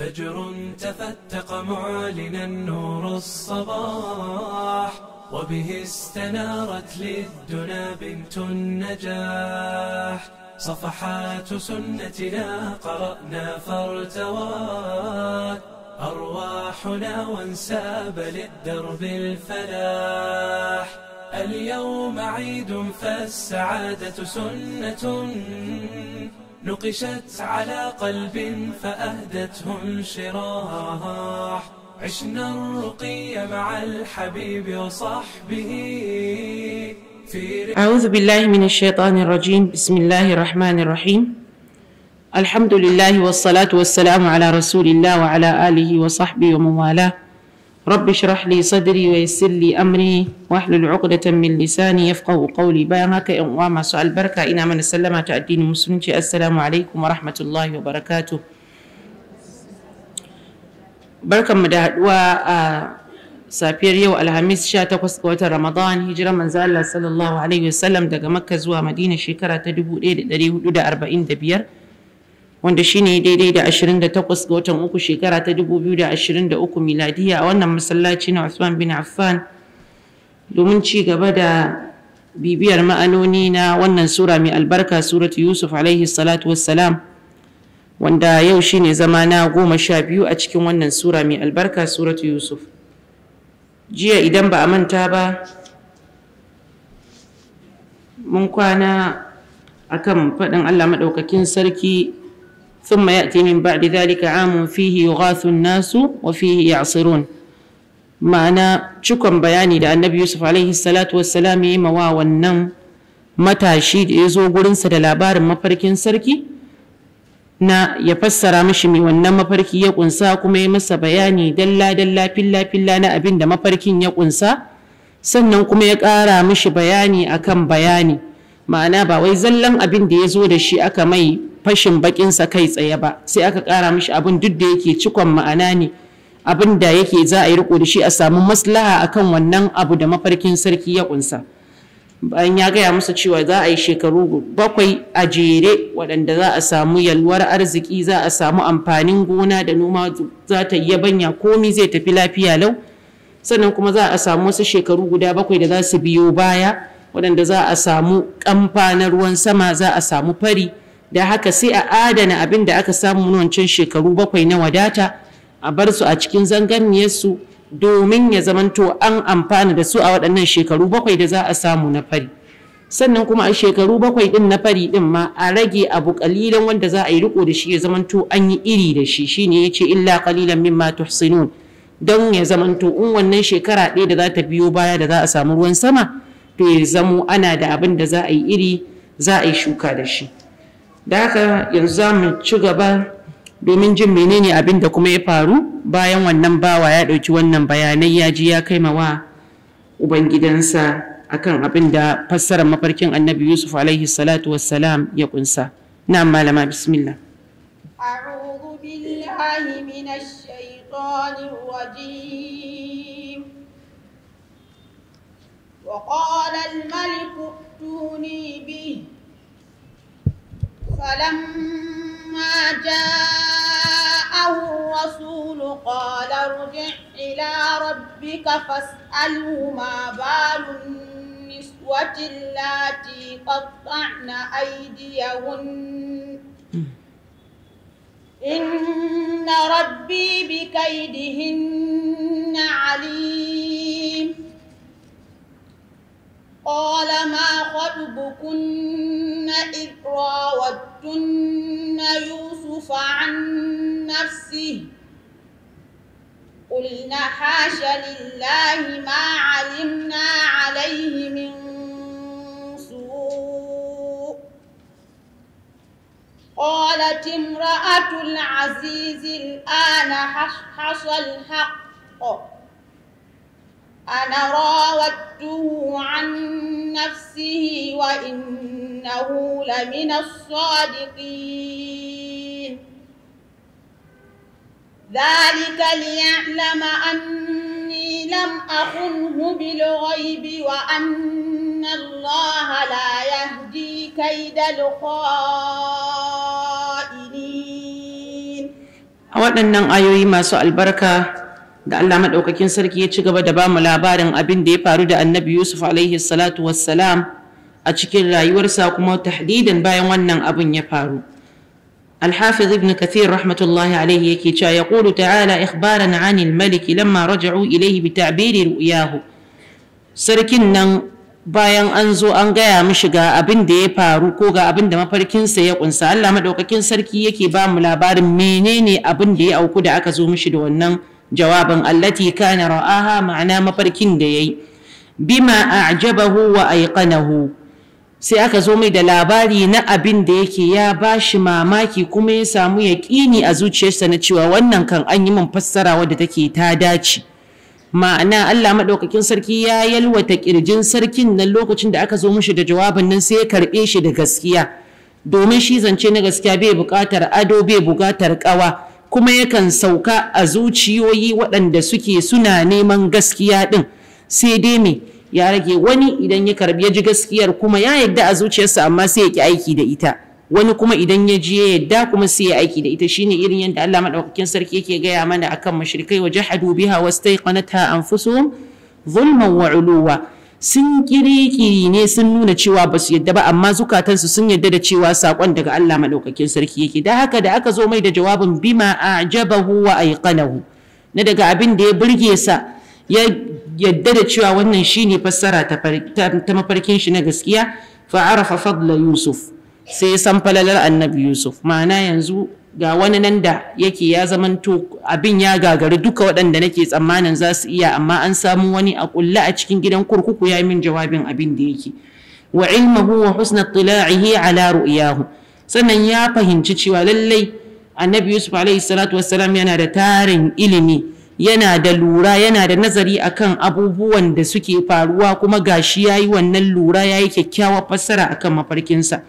فجر تفتق معلنا نور الصباح وبه استنارت للدنا بنت النجاح صفحات سنتنا قرأنا فارتوات أرواحنا وانساب للدرب الفلاح اليوم عيد فالسعادة سنة نقشت على قلب فأهدته انشراح عشنا الرقي مع الحبيب وصحبه أعوذ بالله من الشيطان الرجيم بسم الله الرحمن الرحيم الحمد لله والصلاة والسلام على رسول الله وعلى آله وصحبه ومن والاه رب اشرح لي صدري ويسر لي امري واحلل عقدة من لساني يفقه قولي bayan haka yan uwa masu albarka ina mana sallama ta addinin musulunci assalamu alaikum wa rahmatullahi wa barakatuh barkanmu da haduwa a safiyar yau alhamis 18 ga watan ramadan hijira manzo sallallahu alaihi wasallam daga makka zuwa madina shekara ta dubu da da da hudu biyar. wanda shine daidai da 28 ga watan uku shekara ta 2023 miladiya a wannan masallaci na Usman bin Affan domin ci gaba da bibiyar ma'anoni na wannan sura mai albarka suratu Yusuf alaihi salatu wassalam wanda yau shine zama na goma sha biyu a cikin wannan sura mai albarka suratu Yusuf jiya idan ba a manta ba mun kwana akan faɗin Allah maɗaukakin sarki ثم يأتي من بعد ذلك عام فيه يغاث الناس وفيه يعصرون ma'ana cikon bayani da annabi yusuf alaihi salatu wassalam ya yi mawa wannan matashi da ya zo gurinsa da labarin mafarkin sarki na ya fassara mashi mai wannan mafarki ya ƙunsa kuma ya masa bayani dalla dalla filla filla na abin da mafarkin ya ƙunsa, sannan kuma ya ƙara mishi bayani akan bayani ma'ana ba wai zallan abin da ya zo da shi aka mai fashin sa kai tsaye ba sai aka kara mishi abin duk da yake cikon ma'ana ne abin da yake za a yi riko da shi a samu maslaha akan wannan abu da mafarkin sarki ya kunsa bayan ya gaya musu cewa za a yi shekaru bakwai a jere waɗanda za a samu yalwar arziki za a samu amfanin gona da noma za ta yi yabanya komi zai tafi lafiya lau sannan kuma za a samu wasu shekaru guda bakwai da za su biyo baya waɗanda za a samu ƙamfa ruwan sama za a samu fari da haka sai a adana abin da aka samu wancan shekaru bakwai na wadata a bar su a cikin zanganniyarsu domin ya zamanto an amfana da su a waɗannan shekaru bakwai da za a samu na fari sannan kuma a shekaru bakwai ɗin na fari ɗin ma a rage abu ƙalilan wanda za a yi riko da shi ya zamanto an yi iri da shi shine ya ce illa ƙalilan mimma tuhsinun don ya zamanto in wannan shekara ɗaya da za ta biyo baya da za a samu ruwan sama bai zamo ana da abin da za a yi iri za a yi shuka da shi da haka yanzu za mu ci gaba domin jin menene abin da kuma ya faru bayan wannan bawa ya ɗauki wannan bayanai ya ji ya kai wa ubangidansa akan abin da fassarar mafarkin annabi yusuf alaihi salatu wassalam ya kunsa na malama bismillah أعوذ بالله من الشيطان الرجيم وقال الملك ائتوني به فلما جاءه الرسول قال ارجع إلى ربك فاسأله ما بال النسوة اللاتي قطعن أيديهن إن ربي بكيدهن عليم قال ما خطبكن إذ راودتن يوسف عن نفسه قلنا حاش لله ما علمنا عليه من سوء قالت امرأة العزيز الآن حصل الحق أنا راودته عن نفسه وإنه لمن الصادقين ذلك ليعلم أني لم أخنه بالغيب وأن الله لا يهدي كيد الخائنين waɗannan ما سؤال بركة da Allah maɗaukakin sarki ya ci gaba da bamu labarin abin da ya faru da annabi Yusuf alaihi salatu wassalam a cikin rayuwarsa kuma tahdidan bayan wannan abin ya faru الحافظ ابن كثير رحمة الله عليه يكي يقول تعالى إخبارا عن الملك لما رجعوا إليه بتعبير sarkin nan bayan an zo an gaya mishi ga abin da ya faru ko ga abin da mafarkinsa ya kunsa Allah madaukakin sarki yake ba mu labarin menene abin da ya auku da aka zo mishi da wannan jawabin allati kana ra'aha ma'ana mafarkin da yayi bima a'jabahu wa aiqanahu sai aka zo mai da labari na abin da yake ya bashi mamaki kuma ya samu yaƙini a zuciyarsa na cewa wannan kan an yi min fassara wadda take ta dace ma'ana Allah maɗaukakin sarki ya yalwata ƙirjin sarkin nan lokacin da aka zo mishi da jawabin nan sai ya karɓe shi da gaskiya domin shi zance na gaskiya bai buƙatar ado bai buƙatar ƙawa kuma yakan sauka a zuciyoyi waɗanda suke suna neman gaskiya ɗin sai dai me ya rage wani idan ya karbi ya ji gaskiyar kuma ya yadda a zuciyarsa amma sai ya ki aiki da ita wani kuma idan ya ji ya yadda kuma sai ya aiki da ita shine irin yadda Allah madaukakin sarki yake gaya mana akan mushrikai wa jahadu biha wastaiqanatha anfusuhum zulman wa uluwa sun kirikiri ne sun nuna cewa ba su yadda ba amma zukatansu sun yadda da cewa sakon daga Allah maɗaukakin sarki yake da haka da aka zo mai da jawabin bima ajabahu wa aiqanahu na daga abin da ya burge sa ya yadda da cewa wannan shine fassara ta mafarkin shi na gaskiya fa arafa fadla yusuf sai san falalar annabi yusuf ma'ana yanzu ga wani nan da yake ya zamanto abin ya gagari duka waɗanda nake tsammanin za su iya amma an samu wani a ƙulle a cikin gidan kurkuku ya yi min jawabin abin da yake wa ilmahu wa husna tila'ihi ala ru'yahu sannan ya fahimci cewa lallai annabi yusuf alaihi salatu wassalam yana da tarin ilimi yana da lura yana da nazari akan abubuwan da suke faruwa kuma gashi yayi wannan lura yayi kyakkyawar fassara akan mafarkinsa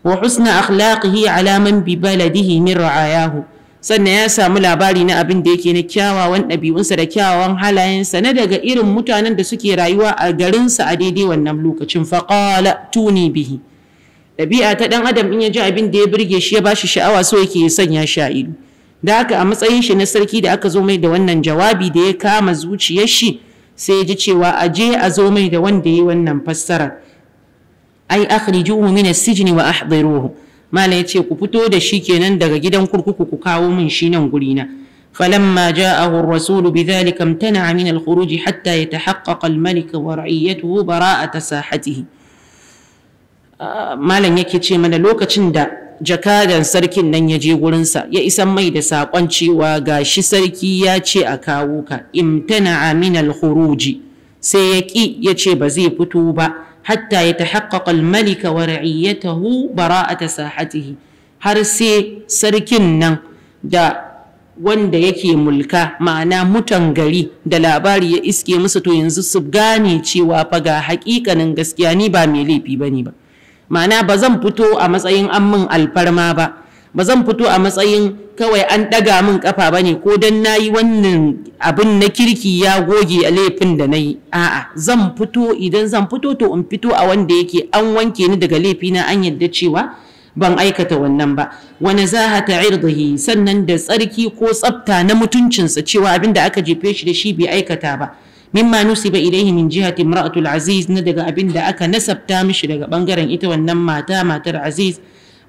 wa husna akhlaqihi ala man bi baladihi min ra'ayahu sannan ya samu labari na abin da yake na kyawawan ɗabi'unsa da kyawawan halayensa na daga irin mutanen da suke rayuwa a garinsa a daidai wannan lokacin faqala tuni bihi ɗabi'a ta ɗan adam in ya ji abin da ya burge shi ya bashi sha'awa so yake sanya shi a ido da haka a matsayin shi na sarki da aka zo mai da wannan jawabi da ya kama zuciyar shi sai ya ji cewa a je a zo mai da wanda ya yi wannan fassarar ai akhrijuhu min as-sijni wa ahdiruhu mala yace ku fito da shi kenan daga gidan kurkuku ku kawo min shi nan gurina فلما جاءه الرسول بذلك امتنع من الخروج حتى يتحقق ta ورعيته براءة sahatihi ah, malam yake ce mana lokacin da jakadan sarkin nan ya je gurinsa ya isa mai da saƙon cewa ga shi sarki ya ce a kawo ka imtana'a min al sai ya ki! ya ce ba zai fito ba hatta ya tahaqqaqa al-malika wa bara'ata sahatihi har sai sarkin nan da wanda yake mulka ma'ana mutan gari da labari ya iske musu to yanzu su gane cewa fa ga hakikanin gaskiya ni ba mai laifi bane ba ma'ana ba zan fito a matsayin an min alfarma ba ba zan fito a matsayin kawai an ɗaga min ƙafa ba ne ko don na yi wannan abin na kirki ya goge a laifin da na yi a'a zan fito idan zan fito to in fito a wanda yake an wanke ni daga laifina an yadda cewa ban aikata wannan ba wani zaha ta irdihi sannan da tsarki ko tsafta na mutuncinsa cewa abin da aka jefe shi da shi bai aikata ba mimma ba ilaihi min jihati imra'atul aziz na daga abin da aka nasabta mishi daga bangaren ita wannan mata matar aziz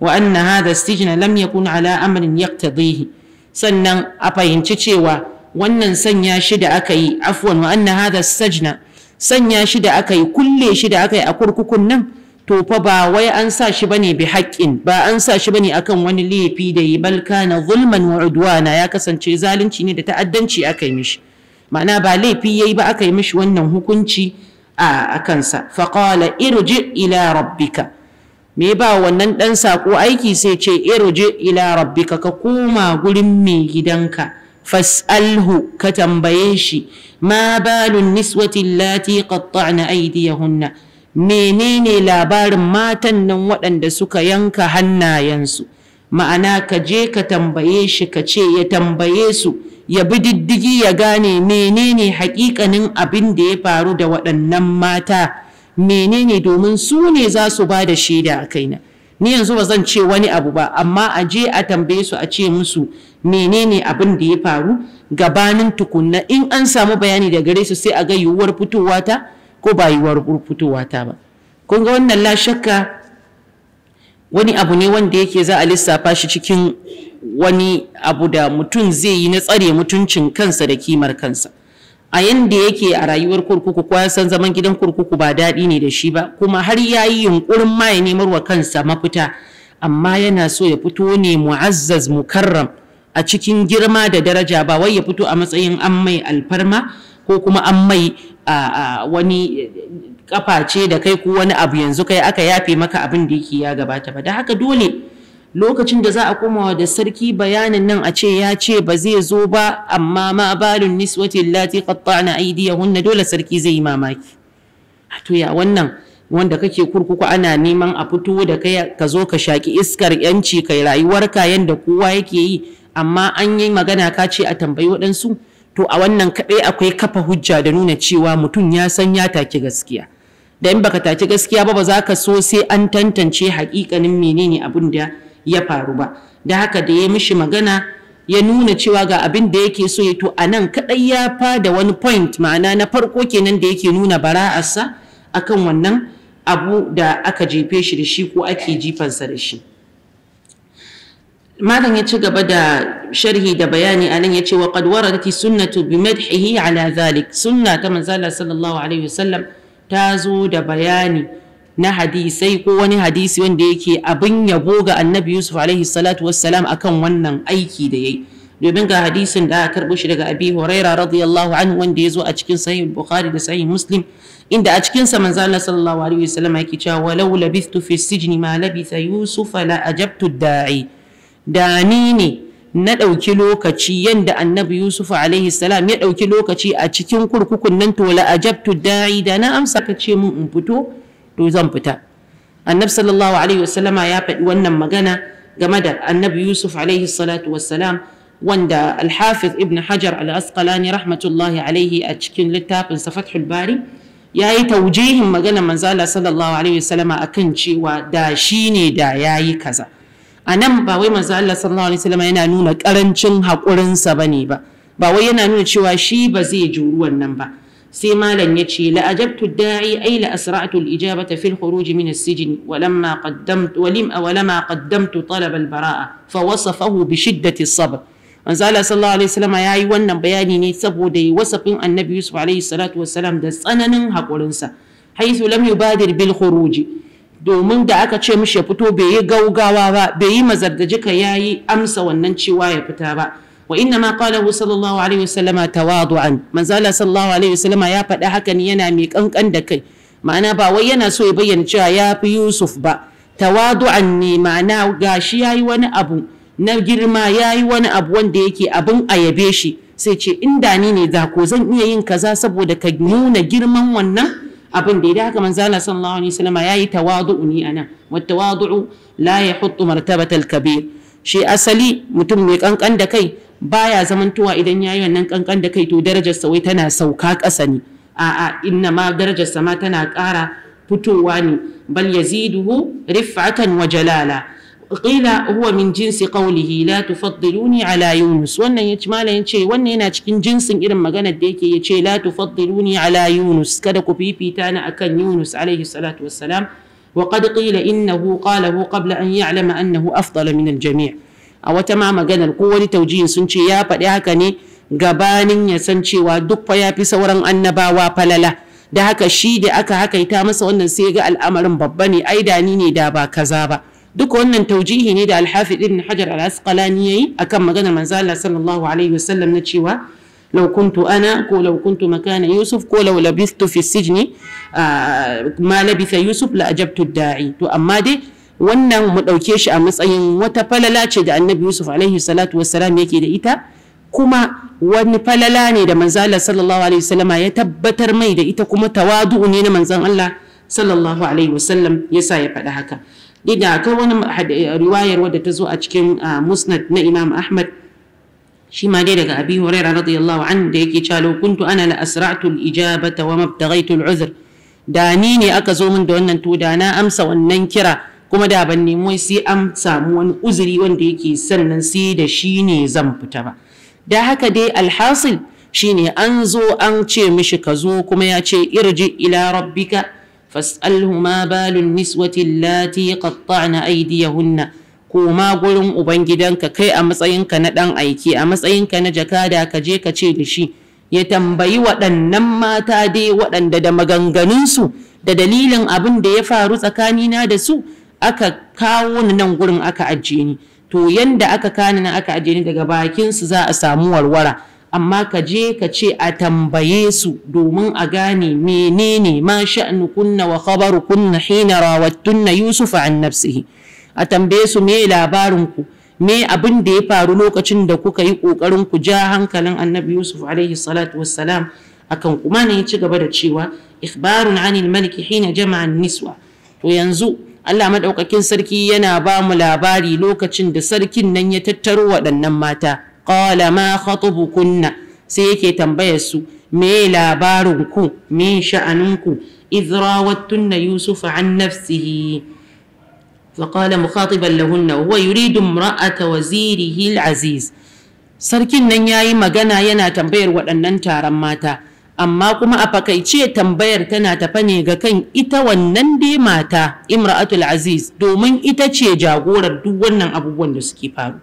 wa anna hadha istijna lam yakun ala amrin yaqtadihi sannan a fahimci cewa wannan sanya shi da aka yi afwan wa anna hadha sajna sanya shida da aka yi kulle shi da aka yi a kurkukun nan to fa ba wai an sa shi bane bi haƙƙin ba an sa shi bane akan wani laifi da yi balka na zulman wa ya kasance zalunci ne da ta'addanci aka yi mishi ma'ana ba laifi yayi ba aka yi mishi wannan hukunci a kansa faqala irji ila rabbika me ba wannan ɗan saƙo aiki sai ce je ila rabbika ka koma gurin mai gidanka fas'alhu ka tambaye shi ma balun niswati lati qatta'na aydiyahunna menene labarin matan nan waɗanda suka yanka hannayensu ma'ana ka je ka tambaye shi ka ce ya tambaye su ya bi diddigi ya gane menene hakikanin abin da ya faru da waɗannan mata menene domin su ne za su ba da shaida a kaina ni yanzu ba zan ce wani abu ba amma a je a tambaye su a ce musu menene abin da ya faru gabanin tukunna in an samu bayani da gare su sai a ga yiwuwar fitowa ta ko ba yiwuwar fitowa ta ba kun ga wannan la shakka wani abu ne wanda yake za a lissafa shi cikin wani abu da mutum zai yi na tsare mutuncin kansa da kimar kansa a yanda yake a rayuwar kurkuku ko san zaman gidan kurkuku ba daɗi ne da shi ba kuma har ya yi yunkurin ma ya nemar wa kansa mafita amma yana so ya fito ne mu'azzaz mukarram a cikin girma da daraja ba wai ya fito a matsayin an mai alfarma ko kuma an mai wani kafa ce da kai ko wani abu yanzu kai aka yafe maka abin da yake ya gabata ba da haka dole lokacin da za a komawa da sarki bayanin nan a ce ya ce ba zai zo ba amma ma balun niswati lati qatta'na aydiyahunna dole sarki zai yi mamaki to ya wannan wanda kake kurkuku ana neman a fito da kai ka zo ka shaki iskar yanci kai rayuwar rayuwarka yanda kowa yake yi amma an yi magana ka ce a tambayi waɗansu to a wannan kaɗai akwai kafa hujja da nuna cewa mutum ya san ya take gaskiya da in baka take gaskiya ba ba za ka so sai an tantance haƙiƙanin menene abin da ya faru ba da haka da ya mishi magana ya nuna cewa ga abin da yake so ya to a nan kaɗai ya fada wani point ma'ana na farko kenan da yake nuna bara'arsa akan wannan abu da aka jefe shi da shi ko ake jifansa da shi malam ya ci gaba da sharhi da bayani a nan ya ce wa qad waradati sunnatu bi madhihi ala zalik sunna ta manzala sallallahu alaihi wasallam ta zo da bayani na hadisai ko wani hadisi wanda yake abin yabo ga annabi yusuf alaihi salatu wassalam akan wannan aiki da yayi domin ga hadisin da aka karbo shi daga abi huraira radiyallahu anhu wanda ya zo a cikin sahih bukhari da sahih muslim inda a cikin sa manzo Allah sallallahu alaihi wasallam yake cewa walau labistu fi sijni ma labisa yusuf la ajabtu da'i da ni ne na ɗauki lokaci yadda annabi yusuf alaihi salam ya ɗauki lokaci a cikin kurkukun nan to la ajabtu da'i da na amsa ka ce mun in fito to zan fita annabi sallallahu alaihi ya faɗi wannan magana game da annabi yusuf alaihi salatu wassalam wanda alhafiz ibn hajar al-asqalani rahmatullahi alaihi a cikin littafin fathul bari ya yi taujihin magana manzala sallallahu alaihi akan cewa da shi ne da ya yi kaza a nan ba wai manzala sallallahu alaihi yana nuna karancin haƙurinsa ba ne ba ba wai yana nuna cewa shi ba zai juri wannan ba sai malam ya ce la'ajabtu da'i ai la asra'tu al-ijabata fil khuruj min as-sijn walamma qaddamtu walim awlama qaddamtu talab al-bara'a fa wasafahu bi shiddati yayi wannan bayani ne saboda wasafin annabi Yusuf alaihi salatu da tsananin hakurinsa haythu lam yubadir bil khuruj domin da aka ce mashi ya fito bai yi gaugawa ba bai yi ya yi amsa wannan cewa ya fita ba وإنما قاله صلى الله عليه وسلم تواضعا من زال صلى الله عليه وسلم يا فدا حكا ma'ana ba wai yana so ya bayyana cewa ya fi Yusuf ba tawadu'an ne ma'ana gashi yayi wani abu na girma yayi wani abu wanda yake abin a yabe shi sai ce inda ni ne da ko zan iya yin kaza saboda ka nuna girman wannan abin da ya haka manzo Allah sallallahu alaihi wasallam yayi tawadu'u ni ana wat tawadu'u la yahuttu martabatal kabir shi asali mutum mai ƙanƙan da kai baya zamantowa idan yayi wannan kankan da kai to darajar sa wai tana sauka ƙasa ne a'a inna ma darajar sa ma tana ƙara fitowa ne bal yaziduhu rif'atan wa jalala qila huwa min jinsi qawlihi la tufaddiluni ala yunus wannan yace malam yace wannan yana cikin jinsin irin maganar da yake yace la tufaddiluni ala yunus kada ku fifita ni akan yunus alaihi salatu wassalam وقد قيل إنه قاله قبل أن يعلم أنه أفضل من الجميع a wata ma maganar ko wani taujihin sun ce ya faɗi haka ne gabanin ya san cewa duk fa ya fi sauran annabawa falala da haka shi da aka haka hakaita masa wannan sai ga al'amarin babba ne ai da ni ne da ba kaza ba duk wannan taujihi ne da alhafi ibn hajar al-asqalani yayi akan maganar manzo Allah sallallahu alaihi wasallam na cewa law kuntu ana ko law kuntu makana yusuf ko law labistu fi sijni ah, ma labitha yusuf la ajabtu da'i to amma dai wannan mu ɗauke shi a matsayin wata falala ce da annabi yusuf alaihi salatu wassalam yake da ita kuma wani falala ne da manzala sallallahu alaihi wasallama ya tabbatar mai da ita kuma tawadu'u ne na manzon Allah sallallahu alaihi wasallam yasa ya faɗi haka dida akwai wani riwayar wadda ta zo a cikin musnad na imam ahmad shi ma dai daga abi huraira radiyallahu an da yake cewa kuntu ana la asra'tu al-ijabata wa mabtaghaytu al-uzr da ni ne aka zo min da wannan to da na amsa wannan kira kuma da ban nemo sai an samu wani uzuri wanda yake sannan sai da shi ne zan fita ba da haka dai alhasil shine an zo an ce mishi ka zo kuma ya ce irji ila rabbika fas'alhu ma balun niswati allati qatta'na aydiyahunna koma gurin ubangidanka kai a matsayinka na ɗan aiki a matsayinka na jakada ka je ka ce da shi ya tambayi waɗannan mata dai waɗanda da maganganunsu da dalilin abin da ya faru tsakanina da su aka kawo ni nan gurin aka ajiye ni to yanda aka kani nan aka ajiye ni daga bakin su za a samu warwara amma ka je ka ce a tambaye su domin a gane menene ma sha'nu kunna wa khabaru kunna hina rawattunna Yusuf an nafsihi a tambaye su me labarin ku me abin da ya faru lokacin da kuka yi kokarin ku ja hankalin annabi yusuf alaihi salatu wassalam akan kuma ne ci gaba da cewa ikhbarun anil maliki hina jama'an niswa to yanzu Allah maɗaukakin sarki yana ba mu labari lokacin da sarkin nan ya tattaro waɗannan mata qala ma kunna sai yake tambayar su me labarin ku me sha'anin ku idh rawattunna yusufa an nafsihi فقال مخاطبا لهن وهو يريد امرأة وزيره aziz. sarkin nan ya yi magana yana tambayar waɗannan taron mata amma kuma a fakaice tambayar tana tafa ne ga kan ita wannan dai mata imra'atul aziz domin ita ce jagorar duk wannan abubuwan da suke faru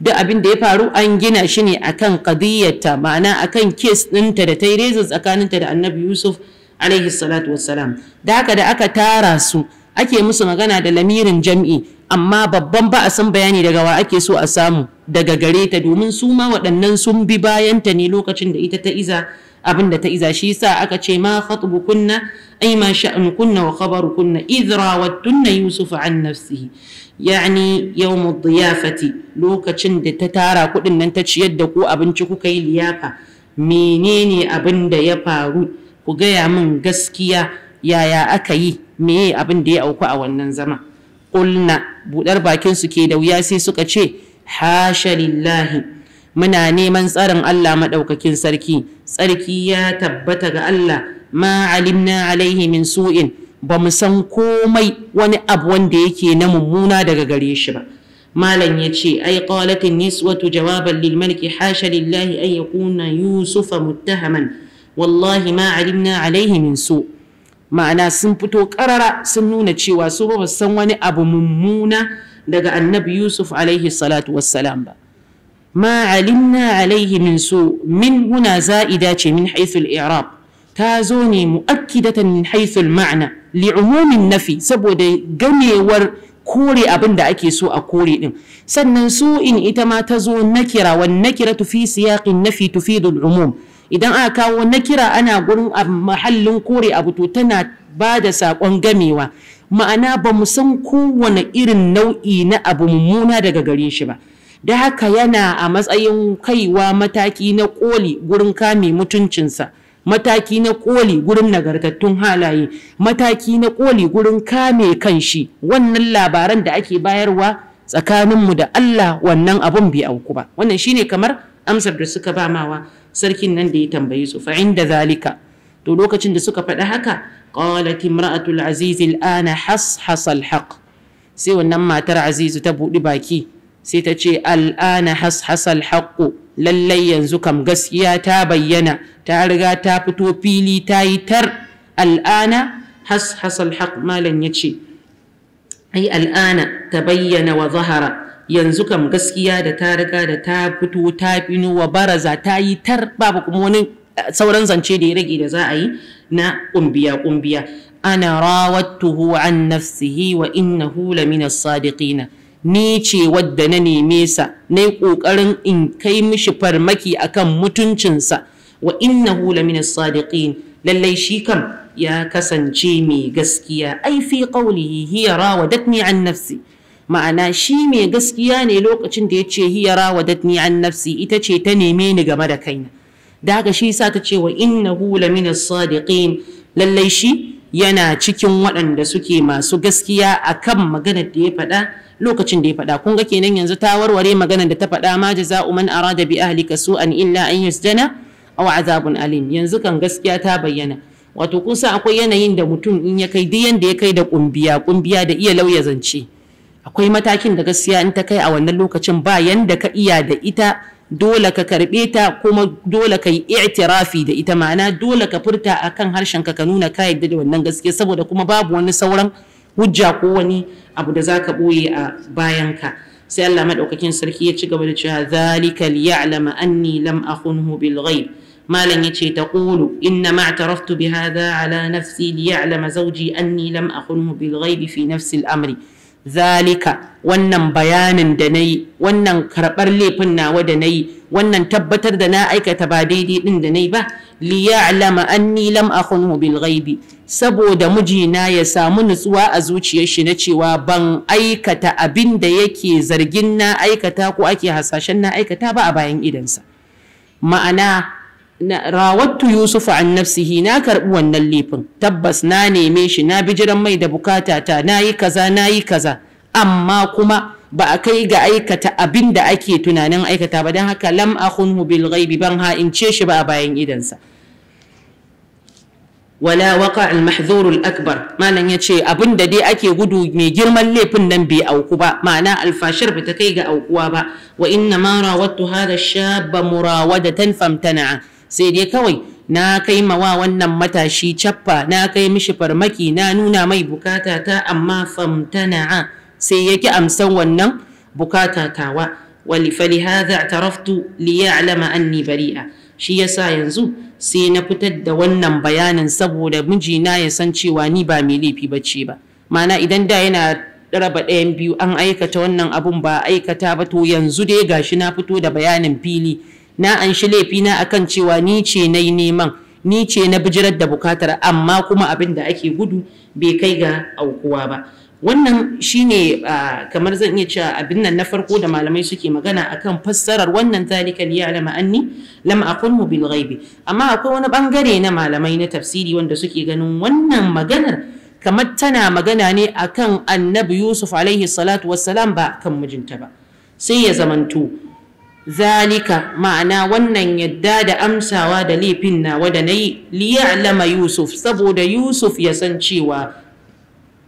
duk abin da ya faru an gina shi ne akan qadiyyarta ma'ana akan kes ɗinta da ta yi reza tsakaninta da annabi yusuf alaihi salatu wassalam da haka da aka tara su ake musu magana da lamirin jam'i amma babban ba a san bayani daga wa ake so a samu daga gare ta domin su ma waɗannan sun bi bayanta ne lokacin da ita ta iza abin da ta iza shi yasa aka ce ma khatubu kunna ai ma sha'nu kunna wa khabaru kunna idra wa tunna yusuf an nafsihi yani yawm adiyafati lokacin da ta tara kudin nan ta ciyar da ku abinci kuka yi liyafa menene abin da ya faru ku gaya min gaskiya yaya aka yi meye abin da ya auku a wannan zama ƙulna buɗar bakin su ke da wuya sai suka ce hasha lillahi muna neman tsarin Allah maɗaukakin sarki tsarki ya tabbata ga Allah ma alimna alaihi min su'in ba mu san komai wani abu wanda yake na mummuna daga gare shi ba malam ya ce ai qalatin niswatu jawaban lil malki hasha lillahi an yakuna yusufa muttahaman wallahi ma alimna alaihi min su' ma'ana sun fito ƙarara sun nuna cewa su ba san wani abu mummuna daga annabi yusuf alaihi salatu wassalam ba ma alimna alaihi min su min huna za'ida ce min haithul i'rab ta zo ne mu'akkidatan min haithul ma'ana li'umumin nafi saboda gamewar kore abin da ake so a kore din sannan su in ita ma ta zo nakira wan nakira fi siyaqin nafi tufidul umum idan aka kawo na kira ana gurin a mahallin kore abu to tana ba da saƙon gamewa ma'ana ba mu san kowane irin nau'i na abu mummuna daga gare shi ba da haka yana a matsayin kaiwa mataki na koli gurin kame mutuncinsa mataki na koli gurin nagartattun halaye mataki na koli gurin kame kanshi wannan labaran da ake bayarwa tsakaninmu da Allah wannan abun bai auku ba wannan shine kamar amsar da suka ba mawa sarkin nan da ya tambayi su fa inda zalika to lokacin da suka faɗi haka qalat imra'atul aziz al'ana hashasal haqq sai wannan matar azizu ta buɗe baki sai ta ce al'ana hashasal haqq lallai yanzu kam gaskiya ta bayyana ta riga ta fito fili ta yi tar al'ana hashasal haqq malam yace ai al'ana ta bayyana wa zahara yanzu kam gaskiya da ta riga da ta fito ta binuwa wa baraza ta yi tar babu kuma wani eh, sauran zance da ya rage da za a yi na kumbiya kumbiya ana rawattuhu an nafsihi wa innahu lamina sadiqina ni ce wadda na neme sa na yi ƙoƙarin in kai mishi farmaki akan mutuncinsa wa innahu lamina sadiqin lallai shi kam ya kasance mai gaskiya ai fi qawlihi hiya rawadatni an nafsi ma'ana shi mai gaskiya ne lokacin da ya ce wa dadni an nafsi ita ce ta neme ni game da kaina da haka shi sa ta ce wa inna min as sadiqin lallai shi yana cikin waɗanda suke masu gaskiya akan maganar da ya faɗa lokacin da ya faɗa kun ga kenan yanzu ta warware maganar da ta faɗa ma jaza'u man arada bi ahlika su'an illa an yusjana aw azabun alim yanzu kan gaskiya ta bayyana wato kusa akwai yanayin da mutum in ya kai duk yanda ya kai da kumbiya kumbiya da iya lauya zance akwai matakin da gaskiya in ta kai a wannan lokacin ba yanda ka iya da ita dole ka karɓe ta kuma dole ka yi i'tirafi da ita ma'ana dole ka furta akan harshen ka ka nuna ka yadda da wannan gaskiya saboda kuma babu wani sauran hujja ko wani abu da zaka boye a bayan ka sai Allah madaukakin sarki ya ci gaba da cewa zalika liya'lama anni lam akhunhu bil ghaib malam yace taqulu inna ma i'taraftu bi hadha ala nafsi liya'lama zawji anni lam akhunhu bil ghaib fi nafsi al amri zalika wannan bayanin da na yi wannan karɓar laifin nawa da na yi wannan tabbatar da na aikata ba daidai ɗin da na yi ba liya'lama anni lam akhunhu bil ghaibi saboda mijina ya samu nutsuwa a zuciyar shi na cewa ban aikata abin da yake zargin na aikata ko ake hasashen na aikata ba a bayan idansa ma'ana rawattu yusuf an nafsihi na karɓi wannan laifin tabbas na neme shi na bi jiran mai da bukatata na yi kaza na yi kaza amma kuma ba a kai ga aikata abin da ake tunanin aikata ba don haka lam akhunhu bil ghaibi ban ce shi ba a bayan idansa wala waka al mahzurul akbar malam yace abin da dai ake gudu mai girman laifin nan bai auku ba ma'ana alfashir bata ta kai ga aukuwa ba wa inna ma rawattu hadha shabba murawada famtana'a sai dai kawai na kai mawa wannan matashi cappa na kai mishi farmaki na nuna mai bukata ta amma famtana'a sai yake amsan wannan bukata tawa wali fali hadha taraftu li ya'lama anni bari'a shi yasa yanzu sai na fitar da wannan bayanin saboda mijina ya san cewa ni ba mai laifi bace ba mana idan da yana raba ɗayan biyu an aikata wannan abun ba aikata ba to yanzu dai gashi na fito da bayanin fili na anshi laifina akan cewa ni ce na yi neman ni ce na bijirar da bukatar amma kuma abin da ake gudu bai kai ga aukuwa ba wannan shine kamar zan iya cewa abin nan na farko da malamai suke magana akan fassarar wannan zalika li ya'lama anni lam aqulhu bil ghaibi amma akwai wani bangare na malamai na tafsiri wanda suke ganin wannan maganar kamar tana magana ne akan annabi Yusuf alaihi salatu wassalam ba kan mijinta ba sai ya zamanto zalika ma'ana wannan yadda da amsawa da laifin nawa da nayi liya'lama yusuf saboda yusuf ya san cewa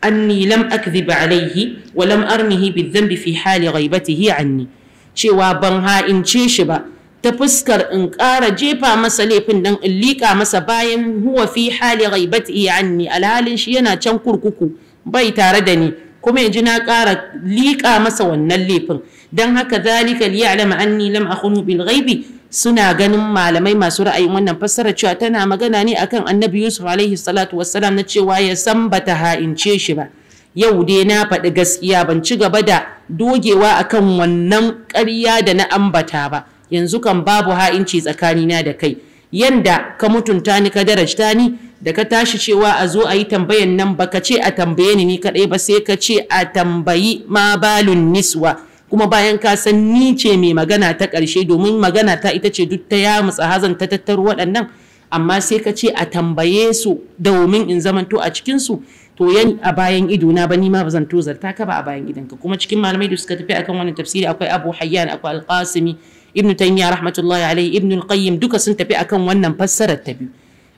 anni lam alaihi wa lam armihi bidhanbi fi hali ghaibatihi anni cewa ban ha'ince shi ba ta fuskar in ƙara jefa masa laifin dan in liƙa masa bayan huwa fi hali ghaibatihi anni alhalin shi yana can kurkuku bai tare da ni kuma ya ji na ƙara liƙa masa wannan laifin dan haka zalika liya'lama anni lam akhunu bil ghaibi suna ganin malamai masu ra'ayin wannan fassara cewa tana magana ne akan annabi yusuf alaihi salatu wassalam na cewa ya san bata ha'ince shi ba yau dai na faɗi gaskiya ban ci gaba da dogewa akan wannan ƙarya da na ambata ba yanzu kan babu ha'inci tsakanina da kai yanda ka mutunta ni ka darajta ni da ka tashi cewa a zo a yi tambayan nan baka ce a tambaye ni ni kaɗai ba sai ka ce a tambayi ma balun niswa kuma bayan ka san ni ce mai magana ta ƙarshe domin magana ta ita ce duk ta ya mutsa hazan ta tattaro waɗannan amma sai ka ce a tambaye su domin in zamanto a cikin su to yan a bayan ido na ba ni ma to zarta ka ba a bayan ka? kuma cikin malamai da suka tafi akan wannan tafsiri akwai Abu Hayyan akwai Al-Qasimi Ibn Taymiyyah rahmatullahi alaihi Ibn Al-Qayyim duka sun tafi akan wannan fassarar ta biyu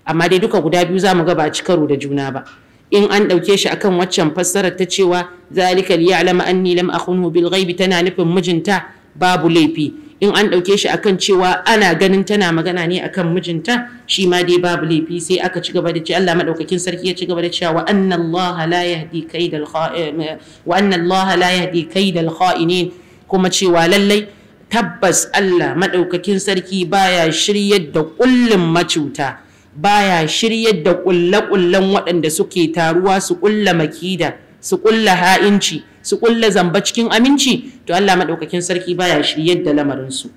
amma dai duka guda biyu zamu ga ba ci karo da juna ba in an ɗauke shi akan waccan fassarar ta cewa zalika liya'lama anni lam akhunhu bil ghaibi tana nufin mijinta babu laifi in an ɗauke shi akan cewa ana ganin tana magana ne akan mijinta shi ma dai babu laifi sai aka ci gaba da cewa, Allah madaukakin sarki ya ci gaba da cewa wa anna la yahdi kaidal eh, wa anna la yahdi kaidal kha'inin kuma cewa lallai tabbas Allah madaukakin sarki baya shiryar da kullum macuta baya shiryar da ƙulle-ƙullen waɗanda suke taruwa su ƙulla makida su ƙulla ha'inci su ƙulla zamba cikin aminci to Allah maɗaukakin sarki baya shiryar da lamarinsu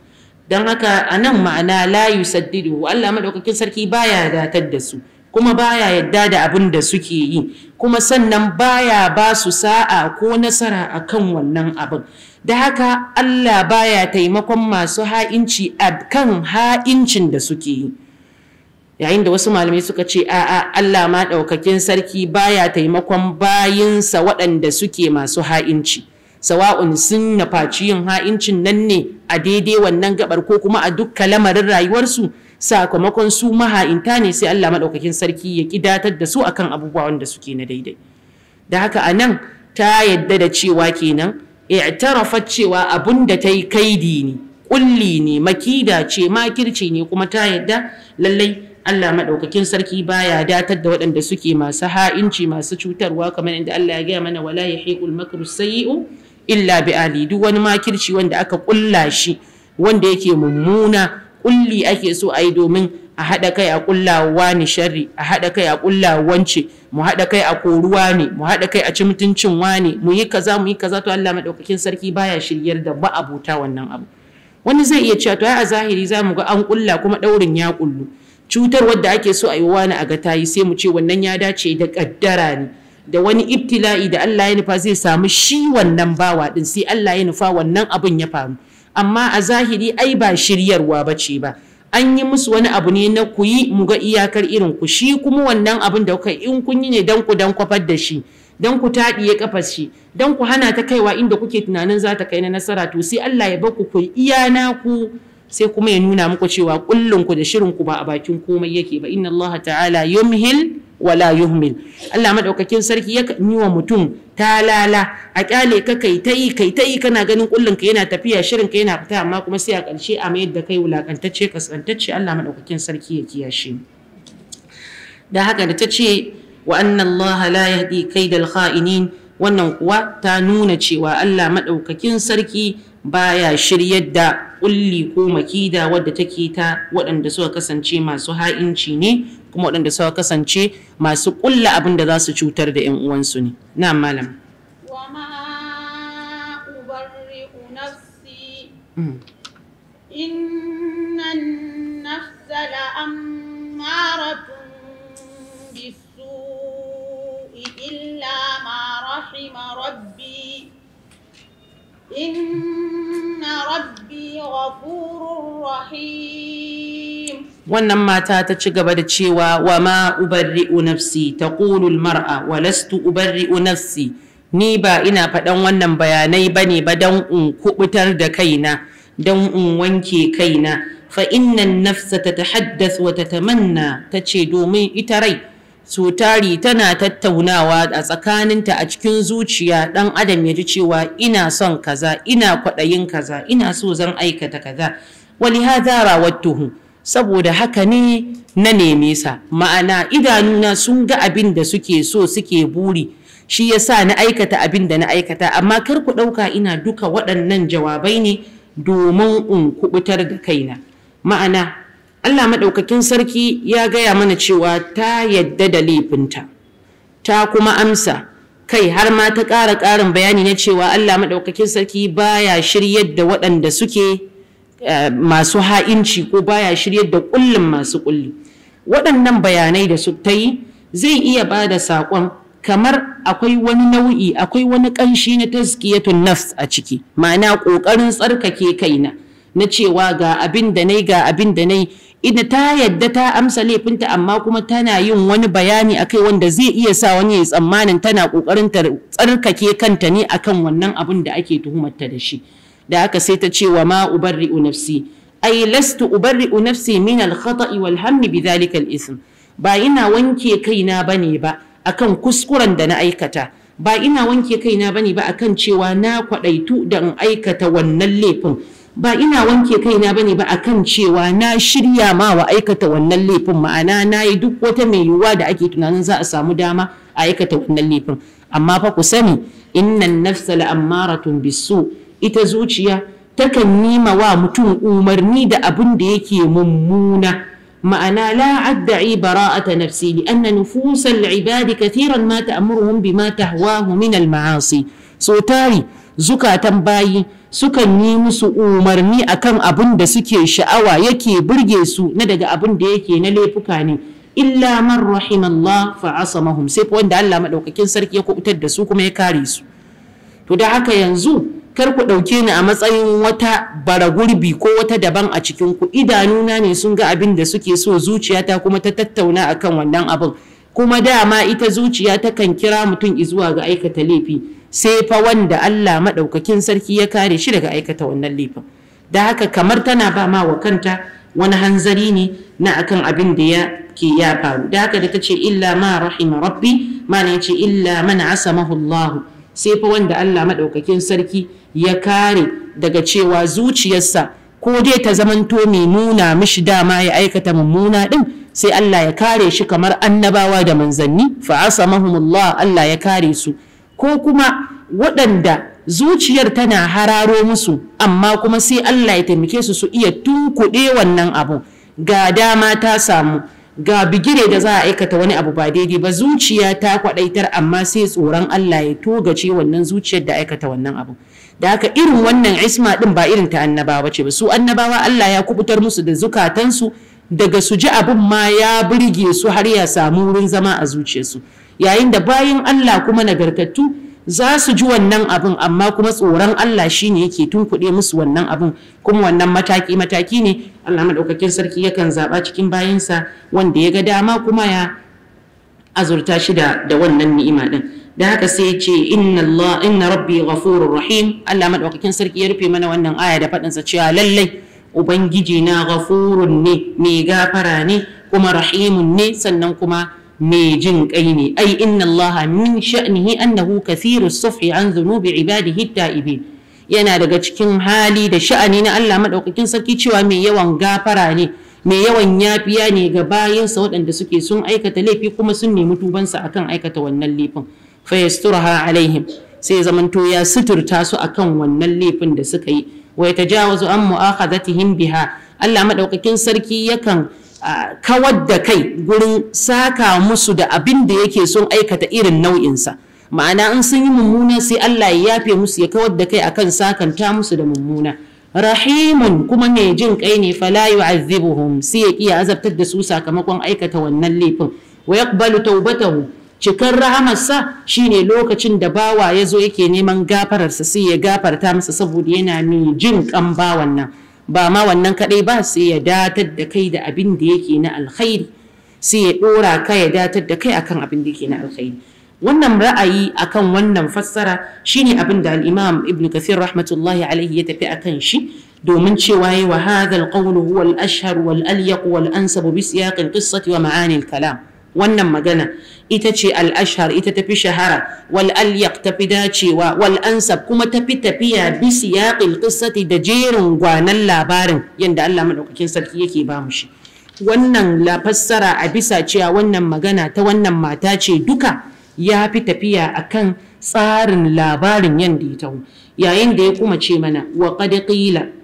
don haka a nan ma'ana la yusaddidu Allah maɗaukakin sarki baya datar da su kuma baya yadda da abin da suke yi kuma sannan baya ba su sa'a ko nasara akan wannan abin da haka Allah baya taimakon masu ha'inci a kan ha'incin da suke yi yayin da wasu malamai suka ce a'a Allah ma ɗaukakin sarki baya taimakon bayinsa waɗanda suke masu ha'inci sawa'un sun nafaci yin ha'incin nan ne a daidai wannan gabar ko kuma a duk lamarin rayuwarsu sakamakon su maha'inta ne sai Allah maɗaukakin sarki ya kidatar da su akan abubuwa wanda suke na daidai da haka a nan ta yadda da cewa kenan i'tarafat cewa abun da ta yi kaidi ne kulli ne makida ce makirci ne kuma ta yadda lallai Allah madaukakin sarki baya datar da waɗanda suke masu ha'inci masu cutarwa kamar inda Allah ya gaya mana wala yahiqul makru sayyi'u illa bi ali duk wani makirci wanda aka kulla shi wanda yake mummuna ƙulli ake so ayi domin a haɗa kai a kullawa ne sharri a haɗa kai a kullawan ce mu haɗa kai a koruwa ne mu haɗa kai a ci mutuncin ne, mu yi kaza mu yi kaza to Allah madaukakin sarki baya shiryar da ba abota wannan abu wani zai iya cewa to a zahiri za mu ga an kulla kuma ɗaurin ya kullu cutar wadda ake so a yi wani a ga tayi sai mu ce wannan ya dace da kaddara ne da wani ibtila'i da Allah ya nufa zai samu shi wannan bawa din sai Allah ya nufa wannan abin ya faru amma a zahiri ai ba shiryarwa ba ce ba an yi musu wani abu ne na ku yi mu ga iyakar irin ku shi kuma wannan abin da kuka in kun yi ne dan ku dan kwafar da shi dan ku taɗi ya kafar shi dan ku hana ta kaiwa inda kuke tunanin za ta kai na nasara to sai Allah ya bar ku ku iya na ku sai kuma ya nuna muku cewa kullun ku da shirin ku ba a bakin komai yake ba inna Allah ta'ala yumhil wala yuhmil Allah madaukakin sarki ya yi wa mutum talala a kyale ka kai tayi kai tayi kana ganin kullun ka yana tafiya shirin ka yana fita amma kuma sai a ƙarshe a mayar da kai wulakantacce kaskantacce Allah madaukakin sarki ya kiyashe da haka da ta ce wa anna Allah la yahdi kaidal kha'inin wannan kuwa ta nuna cewa Allah maɗaukakin sarki baya shiryar da kulli ko makida wadda take ta waɗanda suka kasance masu ha'inci ne kuma waɗanda suka kasance masu kulla abin da za su cutar da 'yan uwansu ne na malam إن النفس لأمارة بالسوء إلا ما رحم ربي inna rabbi ghafurur rahim wannan mata ta ci gaba da cewa wa ma ubarri'u nafsi taqulu mar'a wa lastu ubarri'u nafsi ni ba ina faɗan wannan bayanai bane ba dan in kubutar da kaina dan in wanke kaina fa innan nafsa tatahaddath wa tatamanna tace domin ita rai so tana tattaunawa a tsakaninta a cikin zuciya ɗan adam ya ji cewa ina son kaza ina kwaɗayin kaza ina so zan aikata kaza wani zara wattuhu saboda haka ne na neme sa ma'ana idanuna sun ga abin da suke so suke buri shi ya sa na aikata abin da na aikata amma kar ku ɗauka ina duka waɗannan jawabai ne domin in kubutar da kaina ma'ana Allah maɗaukakin sarki ya gaya mana cewa ta yadda da laifinta ta kuma amsa kai har ma ta ƙara ƙarin bayani na cewa Allah maɗaukakin sarki baya shiryar da waɗanda suke eh, masu ha'inci ko baya shiryar da ƙullin masu ƙulli waɗannan bayanai da su ta yi zai iya ba da saƙon kamar akwai wani nau'i akwai wani ƙanshi na tazkiyatun nafs a ciki ma'ana ƙoƙarin tsarkake kaina na cewa ga abin da nai ga abin da nai ina ta yadda ta amsa laifinta amma kuma tana yin wani bayani akai wanda zai iya sa wani ya tsammanin tana kokarin ta tsarkake kanta ne akan wannan abin da ake tuhumarta da shi da aka sai ta ce wa ma ubarri nafsi ai lastu ubarri'u nafsi min al-khata'i wal hammi bi dhalika al ism ba ina wanke kaina bane ba akan kuskuren da na aikata ba ina wanke kaina bane ba akan cewa na kwadaitu da in aikata wannan laifin ba ina wanke kaina bane ba akan cewa na shirya ma wa aikata wannan laifin ma'ana na yi duk wata mai yiwuwa da ake tunanin za a samu dama a aikata wannan laifin amma fa ku sani innan nafsa la'ammaratun bisu ita zuciya takan nima wa mutum umarni da abin da yake mummuna ma'ana la adda'i bara'ata nafsi li anna nufusal ibadi kathiran ma ta'muruhum bima tahwahu min al ma'asi so tari zukatan bayi sukan yi musu umarni akan abin da suke sha'awa yake burge su na daga abin da yake na laifuka ne illa man rahimallah fa asamahum sai wanda Allah madaukakin sarki ya kubutar da su kuma ya kare su to da haka yanzu kar ku ɗauke ni a matsayin wata bara gurbi ko wata daban a cikin ku idanuna ne sun ga abin da suke so zuciyata kuma ta tattauna akan wannan abin kuma dama ita zuciya ta kan kira mutum izuwa ga aikata laifi sai fa wanda Allah maɗaukakin sarki ya kare shi daga aikata wannan laifin da haka kamar tana ba ma wa kanta wani hanzari ne na akan abin da ya ke ya faru da haka da ta ce illa ma rahima rabbi ma ne ce illa man asamahu Allah sai fa wanda Allah maɗaukakin sarki ya kare daga cewa zuciyarsa ko dai ta zamanto mai nuna mishi dama ya aikata mummuna din sai Allah ya kare shi kamar annabawa da manzanni fa asamahumullah Allah ya kare su ko kuma waɗanda zuciyar tana hararo musu amma kuma sai Allah ya taimake su su iya tunkuɗe wannan abu ga dama ta samu ga bigire da za a aikata wani abu ba daidai ba zuciya ta kwaɗaitar amma sai tsoron Allah ya togace wannan zuciyar da aikata wannan abu da haka irin wannan isma ɗin ba irin ta annabawa ce ba su annabawa Allah ya kubutar musu da zukatansu daga su ji abin ma ya birge su har ya samu wurin zama a zuciyarsu yayin da bayan Allah kuma nagartattu za su ji wannan abin amma kuma tsoron Allah shine yake tunkuɗe musu wannan abin kuma wannan mataki mataki ne Allah madaukakin sarki yakan zaɓa cikin bayansa wanda ya ga dama kuma ya azurta shi da wannan ni'ima din da haka sai ce inna Allah inna rabbi ghafurur rahim Allah madaukakin sarki ya rufe mana wannan aya da sa cewa lallai ubangiji na ghafurun ne mai gafara ne kuma rahimun ne sannan kuma mai jin kai ne ai inna Allah min sha'nihi annahu kathirus sufhi an dhunubi ibadihi ibe. yana daga cikin hali da sha'ani na Allah madaukakin sarki cewa mai yawan gafara ne mai yawan yafiya ne ga bayansa waɗanda suke sun aikata laifi kuma sun nemi tubansa akan aikata wannan laifin fa alaihim sai zamanto ya suturta su akan wannan laifin da suka yi wa yatajawazu an mu'akhadhatihim biha Allah madaukakin sarki yakan kawar da kai gurin saka musu da abin da yake son aikata irin nau'insa ma'ana in sun yi mummuna sai Allah ya yafe musu ya kawar da kai akan sakanta musu da mummuna rahimun kuma mai jin kai ne fala yu'azzibuhum sai ya kiya azabtar da su sakamakon aikata wannan laifin wa yaqbalu tawbatahu cikar rahamarsa shine lokacin da bawa yazo yake neman gafararsa sai ya gafarta masa saboda yana mai jin kan bawan nan ba ma wannan kaɗai ba sai ya datar da kai da abin da yake na alkhairi sai ya ɗora ka ya datar da kai akan abin da yake na alkhairi wannan ra'ayi akan wannan fassara shine abin da al-Imam Ibn Kathir rahmatullahi alaihi ya tafi akan shi domin cewa yayi wa hadha al-qawl huwa al-ashhar wal alyaq wal ansab bi siyaq al-qissati wa ma'ani al-kalam wannan magana ita ce al'ashar ita tafi shahara wal alyaq tafi dacewa wal ansab kuma tafi tafiya bi siyaqil qissati da jerin gwanan labarin yanda Allah madaukakin sarki yake ba mu shi wannan la fassara a bisa cewa wannan magana ta wannan mata ce duka ya fi tafiya akan tsarin labarin yanda ya taho yayin da ya kuma ce mana wa qad qila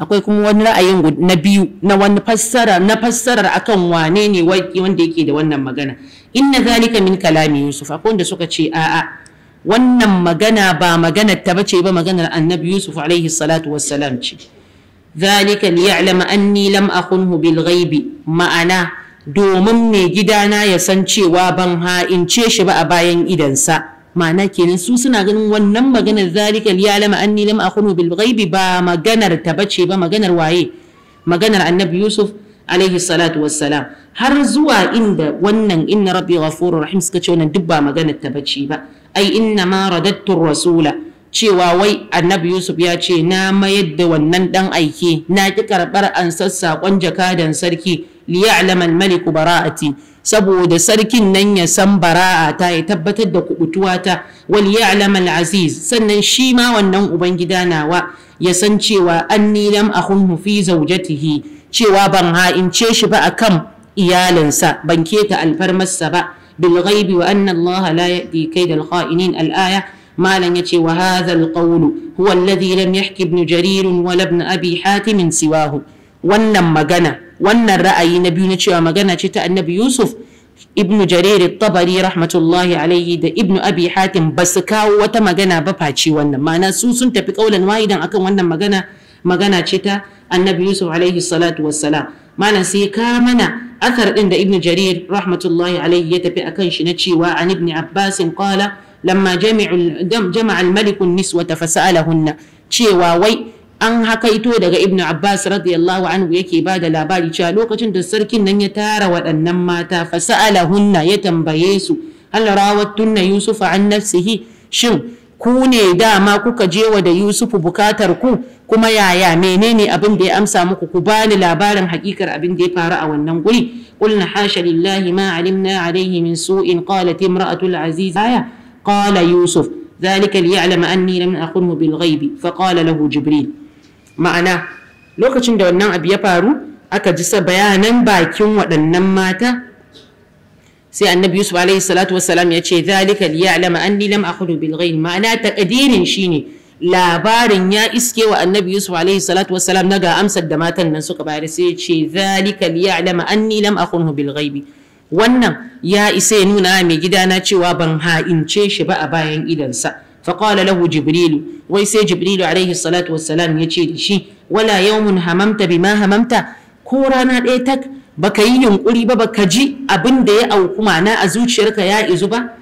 akwai kuma wani ra'ayin na biyu na wani fassara na fassarar akan wane ne wanda yake da wannan magana inna zalika min kalami yusuf akwai wanda suka ce a'a wannan magana ba maganar ta bace ba maganar annabi yusuf alaihi salatu wassalam ce zalika liya'lama anni lam akhunhu bil ghaibi ma'ana domin mai gidana ya san cewa ban ha'ince shi ba a bayan idansa ma'ana kenan su suna ganin wannan maganar zalikal ya lama anni lam akhunu bil ghaibi ba maganar ta bace ba maganar waye maganar annabi yusuf alaihi salatu wassalam har zuwa inda wannan inna rabbi ghafurur rahim suka ce wannan duk ba maganar ta bace ba ai inna ma radattu rasula cewa wai annabi yusuf ya ce na mayar da wannan dan aike na ki karbar ansar sakon jakadan sarki liya'lamal maliku bara'ati saboda sarkin nan ya san bara'a ta ya tabbatar da kubutuwa ta wal ya'lam al aziz sannan shi ma wannan ubangida nawa ya san cewa anni lam akhunhu fi zawjatihi cewa ban ha'ince shi ba akan iyalinsa ban keta alfarmarsa ba bil ghaibi wa anna allaha la ya'ti kaydal kha'inin al aya malan yace wa hadha al qawlu huwa alladhi lam yahki ibn jarir wala ibn abi hatim siwahu wannan magana wannan ra'ayi na biyu na cewa magana ce ta annabi yusuf ibn jarir tabari rahmatullahi alaihi da ibn abi hatim ba su kawo wata magana ba face wannan ma'ana su sun tafi kaulan wahidan akan wannan magana magana ce ta annabi yusuf alaihi salatu wassalam malam sai ka mana akar din da ibn jarir rahmatullahi alaihi ya tafi akan shi na cewa an ibn abbas qala lamma jami'u jama'a al-malik an-niswa fasa'alahunna cewa wai an ito daga ibn abbas radiyallahu anhu yake ba da labari cewa lokacin da sarkin nan ya tara waɗannan mata la hunna ya tambaye su hal rawattunna yusuf an nafsihi shin ku ne dama kuka je wa da yusuf bukatar ku kuma yaya menene abin da ya amsa muku ku bani labarin hakikar abin da ya faru a wannan guri qulna hasha lillahi ma alimna alaihi min su'in qalat imra'atul aziz aya qala yusuf ذلك ليعلم أني لم أخنه بالغيب فقال له جبريل ma'ana lokacin da wannan abu ya faru aka ji sa bayanan bakin waɗannan mata sai annabi yusuf alaihi salatu wassalam ya ce zalika liya'lama anni lam akhudhu bil ghaib ma'ana taqdirin shine labarin ya iske wa annabi yusuf alaihi salatu wassalam na ga amsar da matan nan suka bayar sai ya ce zalika liya'lama anni lam akhudhu bil ghaib wannan ya isa ya nuna mai gidana cewa ban ha'ince shi ba a bayan idansa فقال له جبريل ويسي جبريل عليه الصلاة والسلام يشي شي ولا hamamta? هممت بما هممت كورانا ديتك baka yi yunkuri ba baka ji abin da ya auku ma'ana a zuciyarka ya izu ba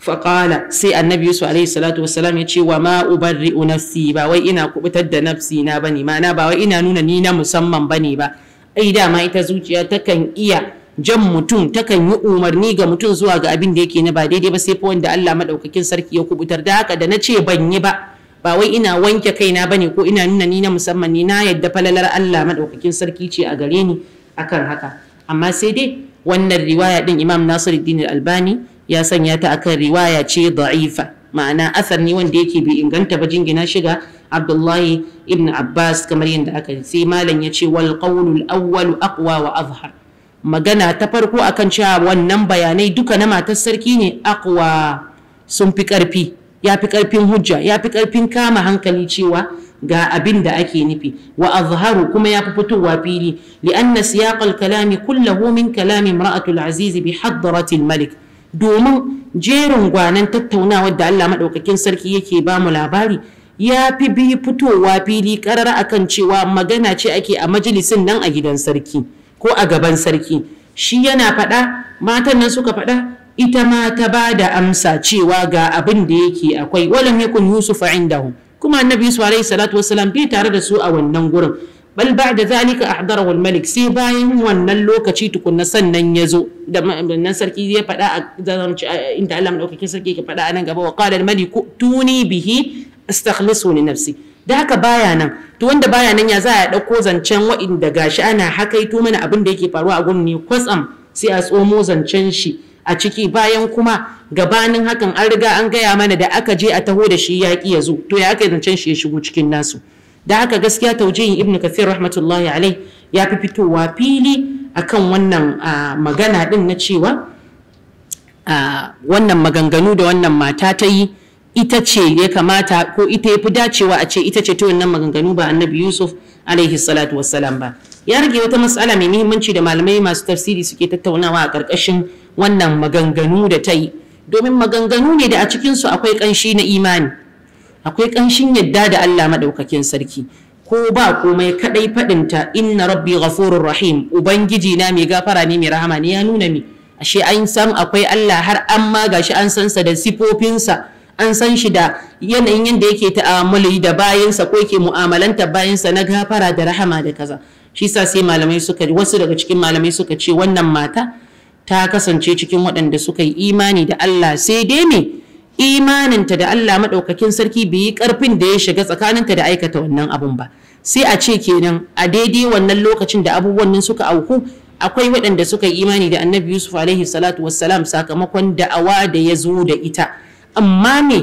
faƙala sai annabi yusuf alaihi salatu wassalam ya ce wa ma ubarri'u nafsi ba wai ina kubutar da nafsi na bane ma'ana ba wai ina nuna ni na musamman bane ba ai dama ita zuciya takan iya jan mutum takan yi umarni ga mutum zuwa ga abin da yake na ba daidai ba sai fa wanda Allah madaukakin sarki ya kubutar da haka da na ce ban yi ba ba wai ina wanke kaina ne. ko ina nuna ni na musamman ni na yadda falalar Allah madaukakin sarki ce a gare ni akan haka amma sai dai wannan riwaya din Imam Nasiruddin Albani ya sanya ta akan riwaya ce da'ifa ma'ana asar ne wanda yake bai inganta ba jingina shiga Abdullahi ibn Abbas kamar yadda aka sai malam ya ce wal qawlul awwal aqwa wa azhar magana ta farko akan cewa wannan bayanai duka na matar sarki ne akwa sun fi ƙarfi ya fi ƙarfin hujja ya fi kama hankali cewa ga abin da ake nufi wa azharu kuma ya fi fitowa fili li'anna siyaqal kalami kullahu min kalami imra'atul aziz bi hadratil malik domin jerin gwanan tattaunawar da Allah madaukakin sarki yake ba mu labari ya fi bi fitowa fili karar akan cewa magana ce ake a majalisin nan a gidan sarki ko a gaban sarki shi yana faɗa matan nan suka faɗa ita ma ta ba da amsa cewa ga abin da yake akwai walam yakun yusuf indahu kuma annabi yusuf alaihi salatu wassalam bai tare da su a wannan gurin bal ba'da zalika ahdarahu al-malik sai bayan wannan lokaci tukunna sannan ya zo da nan sarki ya faɗa a zanci inda Allah madaukakin sarki ke faɗa a nan gaba wa qala al tuni bihi astakhlisu li nafsi da haka baya nan to wanda baya nan ya za a ɗauko zancen wa'inda gashi ana hakaito mana abin da yake faruwa a gurin ne kwatsam sai a tsomo zancen shi a ciki bayan kuma gabanin hakan an riga an gaya mana da aka je a taho da shi ya ya zo to ya aka zancen shi ya shigo cikin nasu da haka gaskiya taujihin Ibn kathir rahmatullahi alai ya fi fitowa fili akan wannan magana din na cewa wannan maganganu da wannan mata ta yi ita ce ya kamata ko ita ya fi dacewa a ce ita ce ta wannan maganganu ba annabi yusuf alaihi salatu wassalam ba ya rage wata matsala mai muhimmanci da malamai masu tafsiri suke tattaunawa a ƙarƙashin wannan maganganu da ta yi domin maganganu ne da a cikinsu akwai ƙanshi na imani akwai ƙanshin yadda da Allah maɗaukakin sarki ko ba komai kaɗai faɗinta inna rabbi ghafurur rahim ubangiji na mai gafara ne mai rahama ne ya nuna mi ashe an san akwai Allah har an ma gashi an san sa da sifofinsa an san shi da yanayin yadda yake ta'amuli da bayansa ko yake mu'amalanta bayansa na gafara da rahama da kaza shi sa sai malamai suka wasu daga cikin malamai suka ce wannan mata ta kasance cikin waɗanda suka yi imani da Allah sai dai me imaninta da Allah maɗaukakin sarki bai yi ƙarfin da ya shiga tsakaninta da aikata wannan abun ba sai a ce kenan a daidai wannan lokacin da abubuwan nan suka auku akwai waɗanda suka yi imani da annabi yusuf alaihi salatu wassalam sakamakon da'awa da ya zo da ita amma me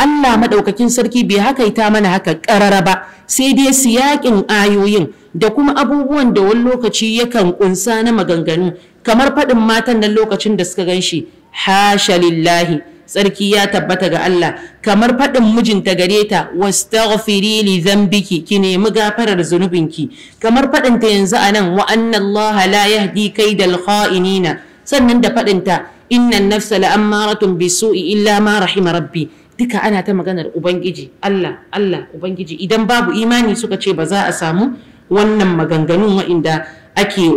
Allah maɗaukakin sarki bai hakaita mana haka ƙarara ba sai dai su siyaƙin ayoyin da kuma abubuwan da wani lokaci yakan ƙunsa na maganganu kamar faɗin matan nan lokacin da suka gan shi hasha lillahi Sarki ya tabbata ga Allah kamar faɗin mijinta gare ta wastaghfiri li dhanbiki ki nemi gafarar zunubinki kamar faɗin ta yanzu anan wa anna Allah la yahdi kaidal kha'inina sannan da faɗin ta innan nafsa la'ammaratun su'i illa ma rahima rabbi duka ana ta maganar ubangiji Allah Allah ubangiji idan babu imani suka ce ba za a samu wannan maganganun wa'inda ake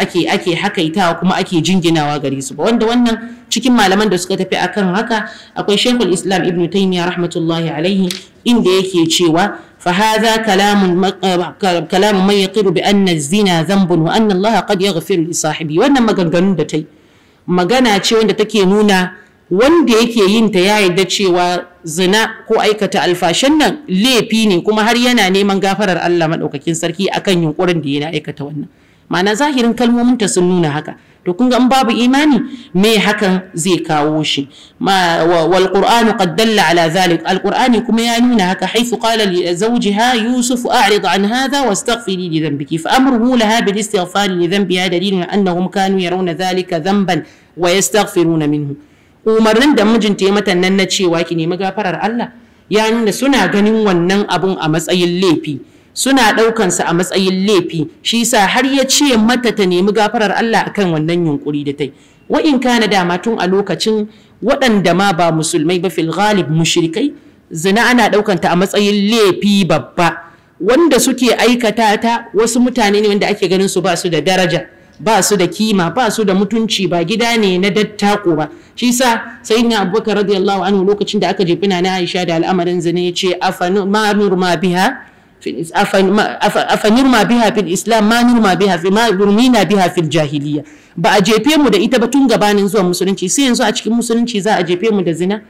ake ake hakaitawa kuma ake jinginawa gare su ba wanda wannan cikin malaman da suka tafi akan haka akwai Sheikhul Islam Ibn Taymiyyah rahmatullahi alaihi inda yake cewa فهذا كلام كلام من يقر بأن الزنا ذنب وأن الله قد يغفر لصاحبه وأن ما غنغنون دتي magana ce wanda take nuna wanda yake yin ta ya yarda cewa zina ko aikata alfashin nan laifi ne kuma har yana neman gafarar Allah maɗaukakin sarki akan yunkurin da yana aikata wannan ma'ana zahirin kalmomin ta sun nuna haka to kun ga in babu imani me haka zai kawo shi wal qur'anu qad dalla ala zalik al qur'ani kuma ya nuna haka haythu qala li zawjiha yusuf a'rid an hadha wastaghfiri li dhanbiki fa amruhu laha bil istighfar li dhanbi dhanbiha dalilan annahum kanu yarawna zalika dhanban wa yastaghfiruna minhu umarnin da mijinta ya mata nan na cewa ki nemi gafarar Allah ya nuna suna ganin wannan abun a matsayin laifi suna ɗaukansa a matsayin laifi shi yasa har ya ce mata ta nemi gafarar Allah akan wannan yunkuri da ta yi wa in kana dama tun a lokacin waɗanda ma ba musulmai ba fil ghalib mushrikai zina ana ɗaukanta a matsayin laifi babba wanda suke aikata ta wasu mutane ne wanda ake ganin su ba su da daraja ba su da kima ba su da mutunci ba gida ne na dattako ba shi sa sai na abubakar radiyallahu anhu lokacin da aka jefina na aisha da al'amarin zina ya ce afanu ma nur ma biha afa nurma biha fil islam ma nurma biha fi ma biha fil jahiliya ba a jefe mu da ita ba tun gabanin zuwan musulunci sai yanzu a cikin musulunci za a jefe mu da zina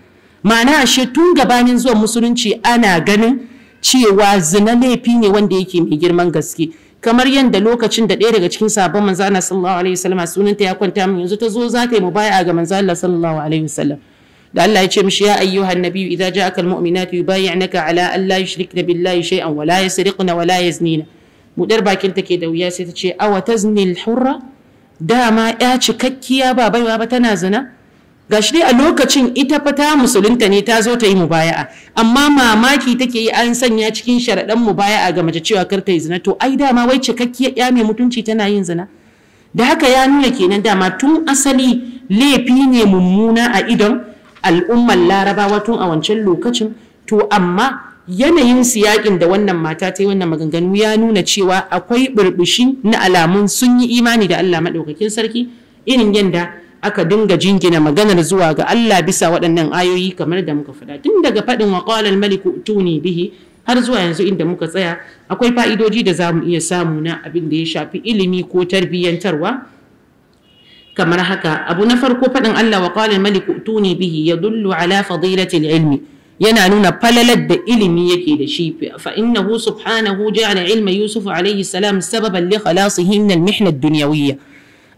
ma'ana ashe tun gabanin zuwan musulunci ana ganin cewa zina laifi ne wanda yake mai girman gaske kamar yadda lokacin da ɗaya daga cikin sabon manzana sallallahu alaihi wasallam sunanta ya kwanta min yanzu ta zo za ta yi mubaya'a ga manzana sallallahu alaihi wasallam da Allah ya ce mishi ya ayyuha annabi idza ja'aka almu'minatu yubay'unaka ala an la yushrikna billahi shay'an wa la yasriqna wa la yaznina mudar bakin take da wuya sai ta ce awa tazni alhurra dama ya cikakkiya ba baiwa ba tana zina gashi dai a lokacin ita fa ta musulunta ne ta zo ta yi mubaya'a amma mamaki take yi an sanya cikin sharaɗan mubaya'a ga mace cewa kar ta yi zina to ai dama wai cikakkiyar ya mai mutunci tana yin zina da haka ya nuna kenan dama tun asali laifi ne mummuna a idon al'ummar larabawa tun a wancan lokacin to amma yanayin siyakin da wannan mata ta yi wannan maganganu ya nuna cewa akwai burbushi na alamun sun yi imani da Allah maɗaukakin sarki irin yadda aka dinga jingina maganar zuwa ga Allah bisa waɗannan ayoyi kamar da muka faɗa tun daga faɗin wa qala al-maliku tuni bihi har zuwa yanzu inda muka tsaya akwai fa'idoji da za mu iya samu na abin da ya shafi ilimi ko tarbiyyantarwa kamar haka abu na farko faɗin Allah wa qala malik tuni bihi yadullu ala fadilati ilmi yana nuna falalar da ilimi yake da shi fa innahu subhanahu ja'ala ilma yusuf alayhi salam sababan li khalasihi min al-mihna ad-dunyawiyya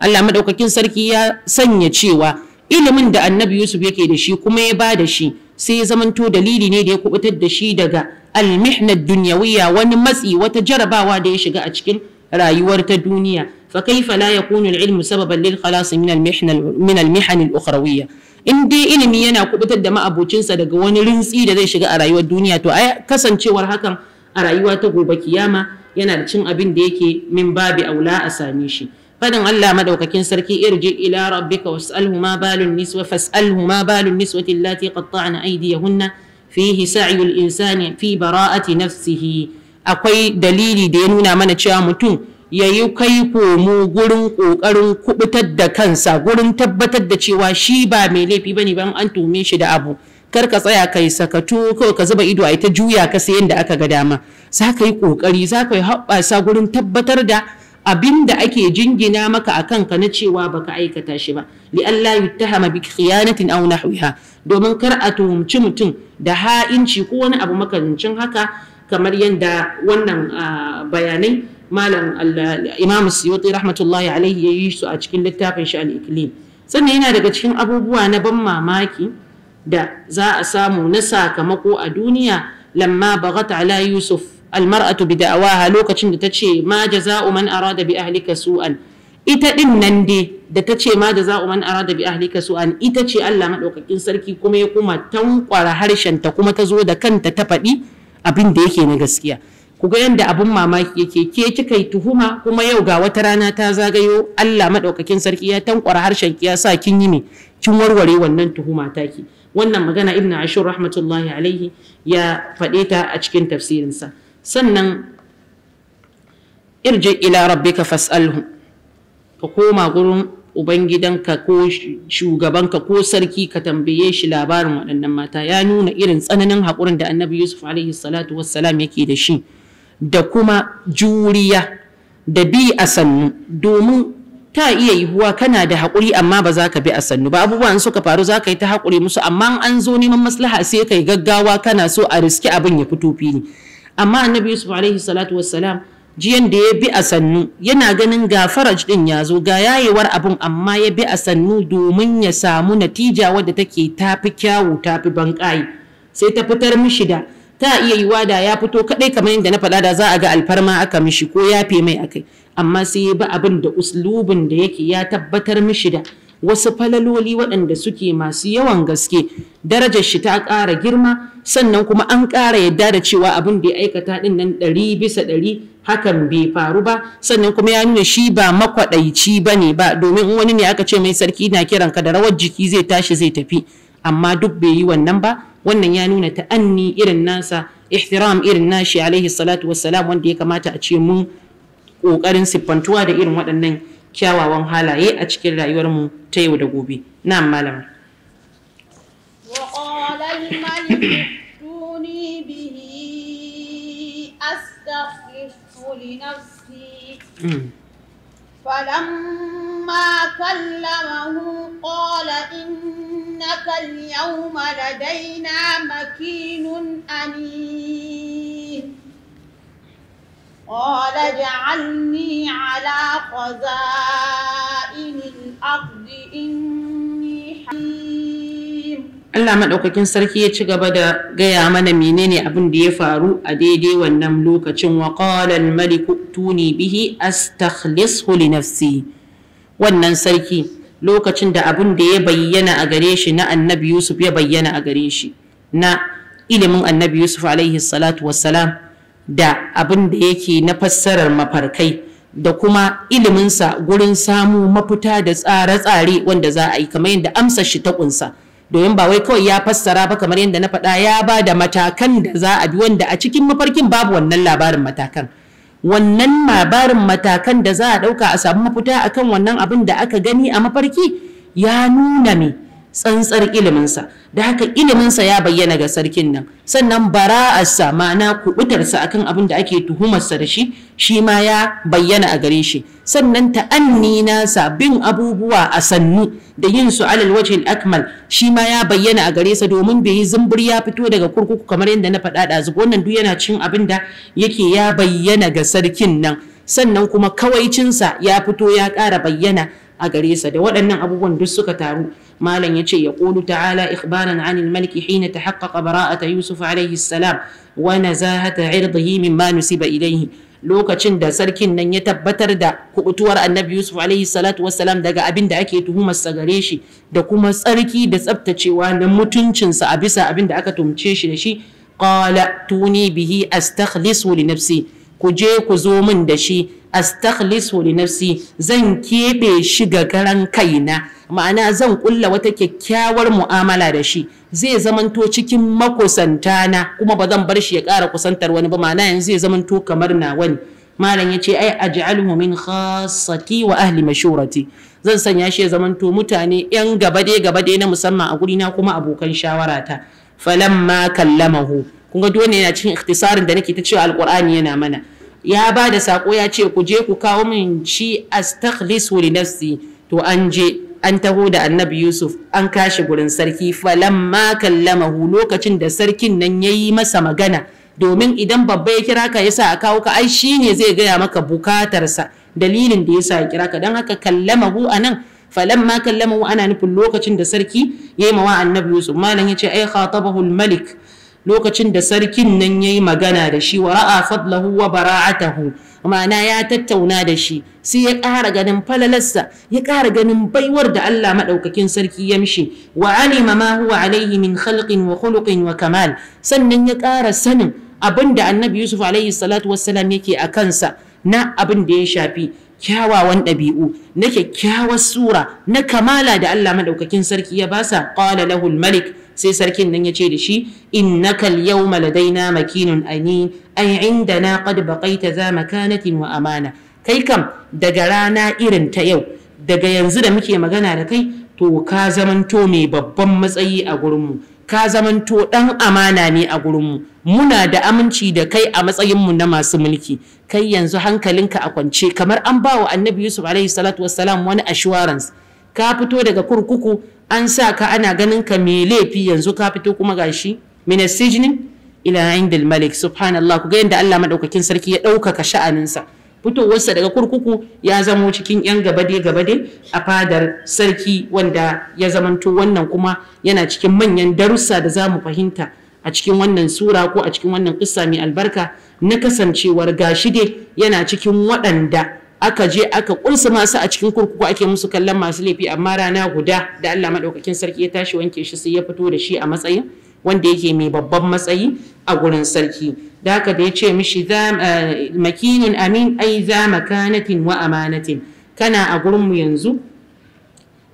Allah madaukakin sarki ya sanya cewa ilimin da annabi Yusuf yake da shi kuma ya ba da shi sai ya zamanto dalili ne da ya kubutar da shi daga al-mihna ad-dunyawiyya wani matsi wata jarabawa da ya shiga a cikin rayuwar ta duniya فكيف لا يكون العلم سببا للخلاص من المحن من المحن الاخرويه in dai ilimi yana kubutar da ma'abocinsa daga wani rintsi da zai shiga a rayuwar duniya to a kasancewar hakan a rayuwa ta gobe kiyama yana da cin abin da yake min babi aula a same shi fadin Allah madaukakin sarki irji ila rabbika was'alhu ma balun niswa fas'alhu ma balun niswati allati qatta'na aydiyahunna fihi sa'yul insani fi bara'ati nafsihi akwai dalili da ya nuna mana cewa mutum ya yi kai komo gurin ƙoƙarin kubutar da kansa gurin tabbatar da cewa shi ba mai laifi ne, ban an tume shi da abu kar ka tsaya kai sakatu kawai ka zuba ido a ita juya ka sai yadda aka ga dama za ka yi ƙoƙari za ka yi haɓɓasa gurin tabbatar da abin da ake jingina maka a kanka na cewa baka aikata shi ba li Allah yuttahama bi khiyanatin aw nahwiha domin kar a tuhumci mutum da ha'inci ko wani abu makarancin haka kamar yadda wannan ah, bayanai malam imam suyuti rahmatullahi alaihi ya yi su a cikin littafin shi al-iklim sannan yana daga cikin abubuwa na ban mamaki da za a samu na sakamako a duniya lamma bagat ala yusuf almar'atu bi da'awaha lokacin da ta ce ma jaza'u man arada bi ahlika su'an ita din nan dai da ta ce ma jaza'u man arada bi ahlika su'an ita ce Allah madaukakin sarki kuma ya kuma tankwara harshen ta kuma ta zo da kanta ta faɗi abin da yake na gaskiya ku ga yadda abun mamaki yake ke kika yi tuhuma kuma yau ga wata rana ta zagayo Allah madaukakin sarki ya tankwara harshen ki ya sa kin yi ne kin warware wannan tuhuma taki wannan magana ibn ashur rahmatullahi alaihi ya faɗe ta a cikin tafsirinsa sannan irje ila ka fas'alhu ka koma gurin ubangidanka ko shugabanka ko sarki ka tambaye shi labarin waɗannan mata ya nuna irin tsananin haƙurin da annabi yusuf alaihi salatu wassalam yake da shi da kuma juriya da bi a sannu domin ta iya yiwuwa kana da haƙuri amma ba za ka bi a sannu ba abubuwan suka faru za ka yi ta haƙuri musu amma an zo neman maslaha sai kai gaggawa kana so a riski abin ya fito fili amma annabi yusuf alaihi salatu wassalam jiyan da ya bi a sannu yana ganin ga faraj din ya zo ga yayewar abin amma ya bi a sannu domin ya samu natija wadda take tafi kyawu tafi banƙayi sai ta fitar mishi da ta iya yiwa da ya fito kadai kamar yadda na faɗa da za a ga alfarma aka mishi ko ya fe mai akai amma sai ya bi abin da uslubin da yake ya tabbatar mishi da wasu falaloli waɗanda suke masu yawan gaske darajar shi ta ƙara girma sannan kuma an ƙara yadda da cewa abin da ya aikata ɗin nan ɗari bisa ɗari hakan bai faru ba sannan kuma ya nuna shi ba makwaɗaici ba ne ba domin wani ne aka ce mai sarki na kiranka da rawar jiki zai tashi zai tafi amma duk bai yi wannan ba wannan ya nuna ta'anni irin nasa ihtiram irin nashi alaihi salatu wassalam wanda ya kamata a ce mun kokarin siffantuwa da irin waɗannan kyawawan halaye a cikin rayuwar mu ta yau da gobe na malama فلما كلمه قال إنك اليوم لدينا مكين أنين قال اجعلني على خزائن الأرض إني حكيم Allah maɗaukakin sarki ya ci gaba da gaya mana menene abin da ya faru a daidai wannan lokacin wa qala al-maliku tuni bihi astakhlishu li nafsi wannan sarki lokacin da abin da ya bayyana a gare shi na annabi Yusuf ya bayyana a gare shi na ilimin annabi Yusuf alaihi salatu wassalam da abin da yake na fassarar mafarkai da kuma iliminsa gurin samu mafita da tsare-tsare wanda za a yi kamar yadda amsa shi ta kunsa domin ba wai kawai ya fassara ba kamar yadda na faɗa ya ba da matakan da za a bi wanda a cikin mafarkin babu wannan labarin matakan wannan labarin matakan da za a ɗauka a samu mafita akan wannan abin da aka gani a mafarki ya nuna me tsantsar iliminsa da haka iliminsa ya bayyana ga sarkin nan sannan bara'arsa ma'ana kubutarsa akan abin da ake tuhumarsa da shi shi ma ya bayyana a gare shi sannan ta'anni nasa bin abubuwa a sannu da yin su alal wajhil akmal shi ma ya bayyana a gare sa domin bai yi zumbur ya fito daga kurkuku kamar yadda na faɗa ɗazu wannan duk yana cin abin da yake ya bayyana ga sarkin nan sannan kuma kawaicinsa ya fito ya ƙara bayyana a gare sa da waɗannan abubuwan duk suka taru malam yace yaqulu ta'ala ikhbaran 'anil malik hina tahaqqaqa bara'ata yusuf alayhi salam wa nazahata 'irdihi mimma nusiba lokacin da sarkin nan ya tabbatar da kubutuwar annabi yusuf alayhi salatu wassalam daga abin da ake tuhumar sa gare shi da kuma tsarki da tsabtacewa na mutuncinsa a bisa abin da aka tumce shi da shi qala tuni bihi astakhlisu li nafsi ku je ku zo min da shi astakhlisu li nafsi zan keɓe shi ga garan kaina ma'ana zan kulla wata kyakkyawar mu'amala da shi zai zamanto cikin makusantana kuma ba zan bar shi ya ƙara kusantar wani ba ma'ana yanzu zai zamanto kamar na wani malam ya ce ai aj'alhu min khassati wa ahli mashurati zan sanya shi ya zamanto mutane yan gaba dai gaba dai na musamman a guri na kuma abokan shawara shawarata falamma kallamahu kun ga dole yana cikin ikhtisarin da nake ta cewa alqur'ani yana mana ya ba da sako ya ce ku je ku kawo min shi astakhlisu li nafsi to an je an taho da annabi yusuf an kashi gurin sarki falamma kallamahu lokacin da sarkin nan ya yi masa magana domin idan babba ya kira ka yasa a kawo ka ai shi ne zai gaya maka bukatarsa dalilin da yasa ya kira ka don haka kallamahu a nan falamma kallamahu ana nufin lokacin da sarki ya yi mawa annabi yusuf malam ya ce ai khatabahu malik lokacin da sarkin nan ya yi magana da shi wa ra'a fadlahu wa bara'atahu ma'ana ya tattauna da shi sai ya ƙara ganin falalarsa ya ƙara ganin baiwar da Allah maɗaukakin sarki ya mishi wa alima ma huwa alaihi min khalqin wa khuluqin wa kamal sannan ya ƙara sanin abin da annabi yusuf alaihi salatu wassalam yake a kansa na abin da ya shafi kyawawan ɗabi'u na kyakkyawar sura na kamala da Allah maɗaukakin sarki ya basa qala lahul malik sai sarkin nan ya ce da shi innaka al-yawma ladaina makinun ani ay indana qad baqaita za makanatin wa amana kai kam daga rana irin ta yau daga yanzu da muke magana da kai to ka zamanto mai babban matsayi a gurinmu ka zamanto ɗan amana ne a gurinmu muna da aminci da kai a matsayinmu na masu mulki kai yanzu hankalinka a kwance kamar an ba wa annabi yusuf alaihi salatu wassalam wani assurance ka fito daga kurkuku an sa ka ana ganin ka mai laifi yanzu ka fito kuma gashi minasijinin ila indil malik subhanallah ku ga yadda allah maɗaukakin sarki ya ɗaukaka sha'aninsa fitowarsa daga kurkuku ya zamo cikin 'yan gabade-gabade a fadar sarki wanda ya zamanto wannan kuma yana cikin manyan darussa da za mu fahimta a cikin wannan sura ko a cikin wannan kissa mai albarka na kasancewar gashi dai yana cikin waɗanda aka je aka ƙunsa masu a cikin kurkuku ake musu kallon masu laifi amma rana guda da Allah maɗaukakin sarki ya tashi wanke shi sai ya fito da shi a matsayin wanda yake mai babban matsayi a gurin sarki da haka da ya ce mishi eh, makinin amin ai za makanatin wa amanatin kana a gurinmu yanzu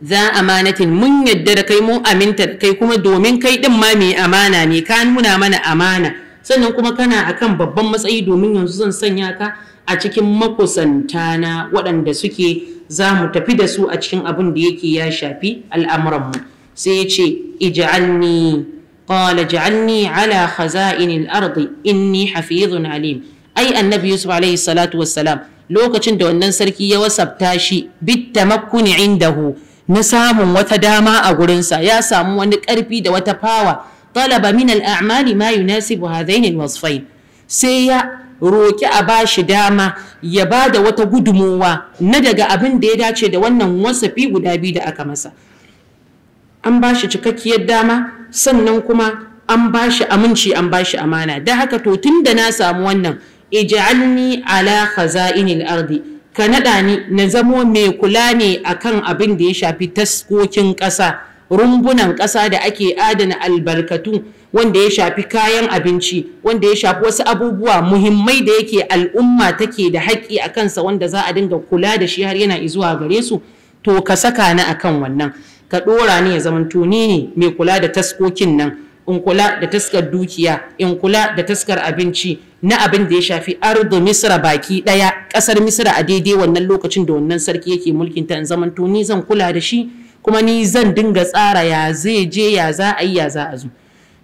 za amanatin mun yadda da kai mun aminta kai kuma domin kai ɗin ma mai amana ne ka nuna mana amana sannan kuma kana akan babban matsayi domin yanzu zan sanya ka a cikin makusantana waɗanda suke za mu tafi da su a cikin abin da yake ya shafi al'amuranmu sai ya ce قال اجعلني على خزائن الأرض إني حفيظ عليم أي النبي يوسف عليه الصلاة والسلام lokacin da wannan sarki ya wasabta shi bitta makkuni indahu na samun wata dama a gurinsa ya samu wani ƙarfi da wata pawa, talaba min al'amali ma yunasibu hadaini alwasfain sai ya roki a ba shi dama ya ba da wata gudumowa na daga abin da ya dace da wannan wasafi guda biyu da aka masa an bashi cikakkiyar dama sannan kuma an ba shi aminci an ba shi amana da haka to tun da na samu wannan ij'alni ala khaza'inil ardi ka naɗa ni na zamo mai kula ne akan abin da ya shafi taskokin ƙasa rumbunan ƙasa da ake adana albarkatu wanda ya shafi kayan abinci wanda ya shafi wasu abubuwa muhimmai da yake al'umma take da haƙƙi a kansa wanda za a dinga kula da shi har yana izuwa gare su to ka saka ni akan wannan ka ɗora ni ya zamanto ni ne mai kula da taskokin nan in kula da taskar dukiya in kula da taskar abinci na abin da ya shafi ardu misra baki ɗaya ƙasar misra a daidai wannan lokacin da wannan sarki yake mulkin ta in zamanto ni zan kula da shi kuma ni zan dinga tsara ya zai je ya za a yi ya za a zo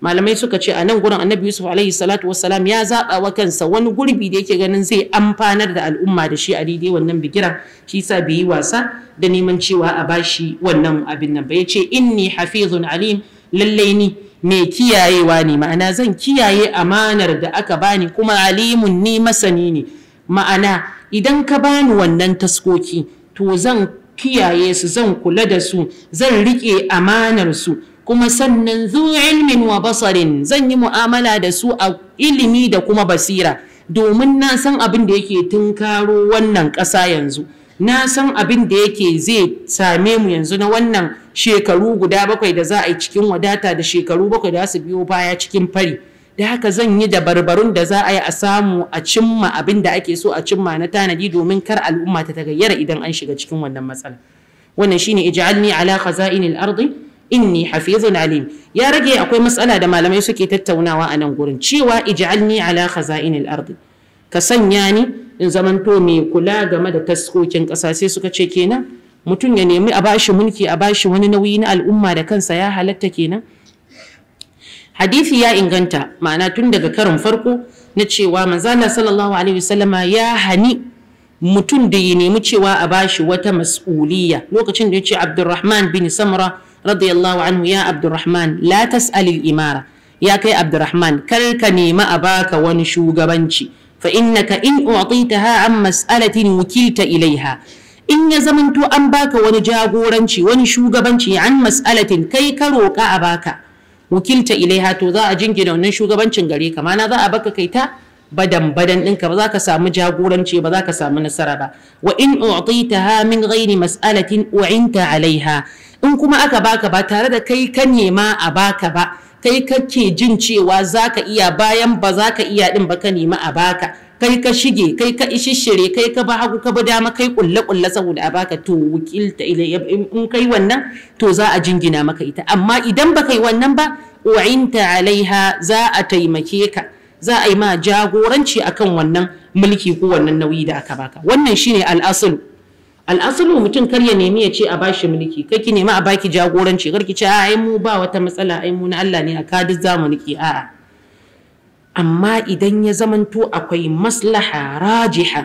malamai suka ce a nan gurin annabi yusuf alaihi salatu wassalam ya zaɓawa wa kansa wani gurbi da yake ganin zai amfanar da al'umma da shi a daidai wannan bigiran shi sa bai yi wasa da neman cewa a bashi wannan abin nan ba ya ce inni hafizun alim lallai ni mai kiyayewa ne ma'ana zan kiyaye amanar da aka bani kuma alimun ni masani ne ma'ana idan ka bani wannan taskoki to zan kiyaye su zan kula da su zan riƙe amanar su kuma sannan zu ilmin wa basarin zan yi mu'amala da su a ilimi da kuma basira domin na san abin da yake tunkaro wannan ƙasa yanzu na san abin da yake zai same mu yanzu na wannan shekaru guda bakwai da za a yi cikin wadata da shekaru bakwai da su biyo baya cikin fari da haka zan yi dabarbarun da za a yi a samu a cimma abin da ake so a cimma na tanadi domin kar al'umma ta tagayyara idan an shiga cikin wannan matsala wannan shine ij'alni ala khaza'inil ardi inni hafizun alim ya rage akwai matsala da malamai suke tattaunawa a nan gurin cewa ij'alni ala khaza'inil ardi ka sanya ni in zamanto mai kula game da taskokin ƙasa sai suka ce kenan mutum ya nemi a bashi mulki a bashi wani nauyi na al'umma da kansa ya halatta kenan hadisi ya inganta ma'ana tun daga karin farko na cewa manzala sallallahu alaihi wasallama ya hani mutum da ya nemi cewa a bashi wata mas'uliya lokacin da ya ce abdurrahman bin samra radiyallahu anhu ya abdurrahman la tas'alil imara ya kai abdurrahman kar ka nemi a baka wani shugabanci fa innaka in u'titaha an mas'alatin wukilta ilaiha in ya zamanto an baka wani jagoranci wani shugabanci an mas'alatin kai ka roƙa a baka wukilta ilaiha to za a jingina wannan shugabancin gare ka za a baka kai badan badan ɗinka ba za ka samu jagoranci ba za ka samu nasara ba wa in u'titaha min ghairi mas'alatin u'inta alaiha in kuma aka baka ba tare da kai ka nema a baka ba kai kake jin cewa za ka iya bayan ba za ka iya ɗin ba ka nema a baka kai ka shige kai ka ishishire kai ka ba hagu ka ba dama kai kulle kulle saboda a baka to wukilta ilayya in kai wannan to za a jingina maka ita amma idan ba kai wannan ba u'inta alaiha za a taimake ka za a yi ma jagoranci akan wannan mulki ko wannan nauyi da aka baka wannan shine al'asulu al'asulu mutum kar ya nemi ya ce a bashi mulki kai ki nemi a baki jagoranci kar ki ce ai mu ba wata matsala ai mu na Allah ne a za mu niki a'a amma idan ya zamanto akwai maslaha rajiha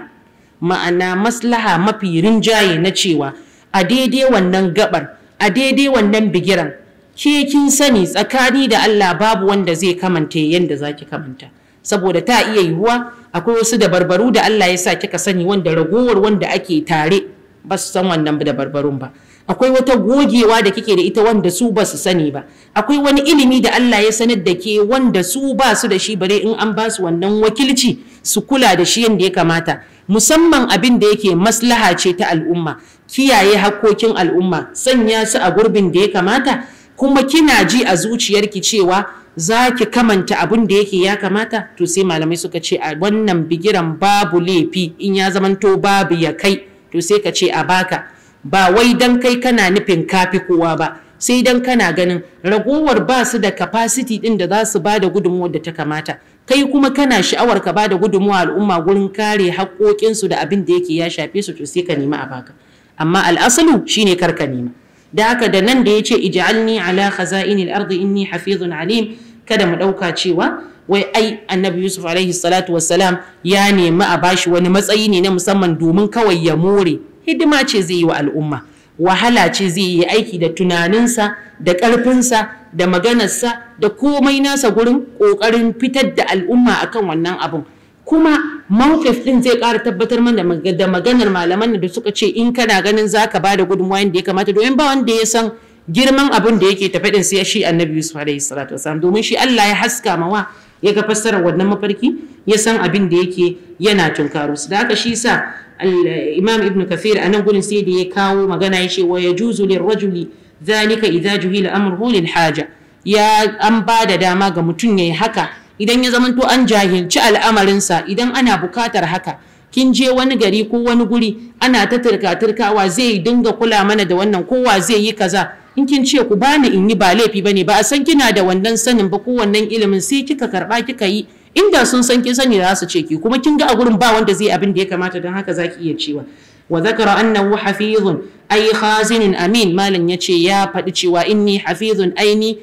ma'ana maslaha mafi rinjaye na cewa a daidai wannan gabar a daidai wannan bigiran ke kin sani tsakani da Allah babu wanda zai kamanta yadda zaki kamanta saboda ta iya yiwuwa akwai wasu dabarbaru da Allah ya sa kika sani wanda ragowar wanda ake tare ba su san wannan dabarbarun ba akwai wata gogewa da kike da ita wanda su ba su sani ba akwai wani ilimi da Allah ya sanar da ke wanda su ba su da shi bare in an ba su wannan wakilci su kula da shi yadda ya kamata musamman abin da yake maslaha ce ta al'umma kiyaye hakkokin al'umma sanya su a gurbin da ya kamata kuma kina ji a zuciyarki cewa za ki kamanta abin da yake ya kamata to sai malamai suka ce a wannan bigiran babu laifi in ya zamanto babu ya kai to sai ka ce a baka ba wai dan kai kana nufin kafi kowa ba sai dan kana ganin ragowar ba su da capacity din da za su ba da gudunmuwar da ta kamata kai kuma kana sha'awar ka ba da gudunmuwa al'umma gurin kare haƙoƙinsu da abin da yake ya shafe su to sai ka nema a baka amma al'asalu shine kar ka nema da haka da nan da ya ce ij'alni ala khaza'inil ardi inni hafizun alim kada mu ɗauka cewa wai ai annabi yusuf alaihi salatu wassalam ya nemi a bashi wani matsayi ne na musamman domin kawai ya more hidima ce zai yi wa al'umma wahala ce zai yi aiki da tunaninsa da ƙarfinsa da maganarsa da komai nasa gurin ƙoƙarin fitar da al'umma akan wannan abun kuma mawqif din zai ƙara tabbatar mana da maganar malaman da suka ce in kana ganin zaka da gudunmawa yadda ya kamata domin ba wanda ya san girman abin da yake tafe din sai shi annabi yusuf alaihi salatu wasalam domin shi Allah ya haska mawa ya ga fassarar wannan mafarki ya san abin da yake yana tunkaro da haka shi sa imam ibn kafir a nan gurin sai da ya kawo magana ya ce wa ya juzu rajuli zalika idza juhila amruhu haja ya an ba da dama ga mutum yayi haka idan ya zamanto an jahilci al'amarinsa idan ana bukatar haka kin je wani gari ko wani guri ana ta turka turkawa zai dinga kula mana da wannan kowa zai yi kaza in kin ce ku bani in yi ba laifi bane ba a san kina da wannan sanin ba ko wannan ilimin sai kika karba kika yi inda sun san kin sani za su ce ki kuma kin ga a gurin ba wanda zai abin da ya kamata don haka zaki iya cewa wa zakara annahu hafizun ay khazinun amin malam yace ya faɗi cewa inni hafizun aini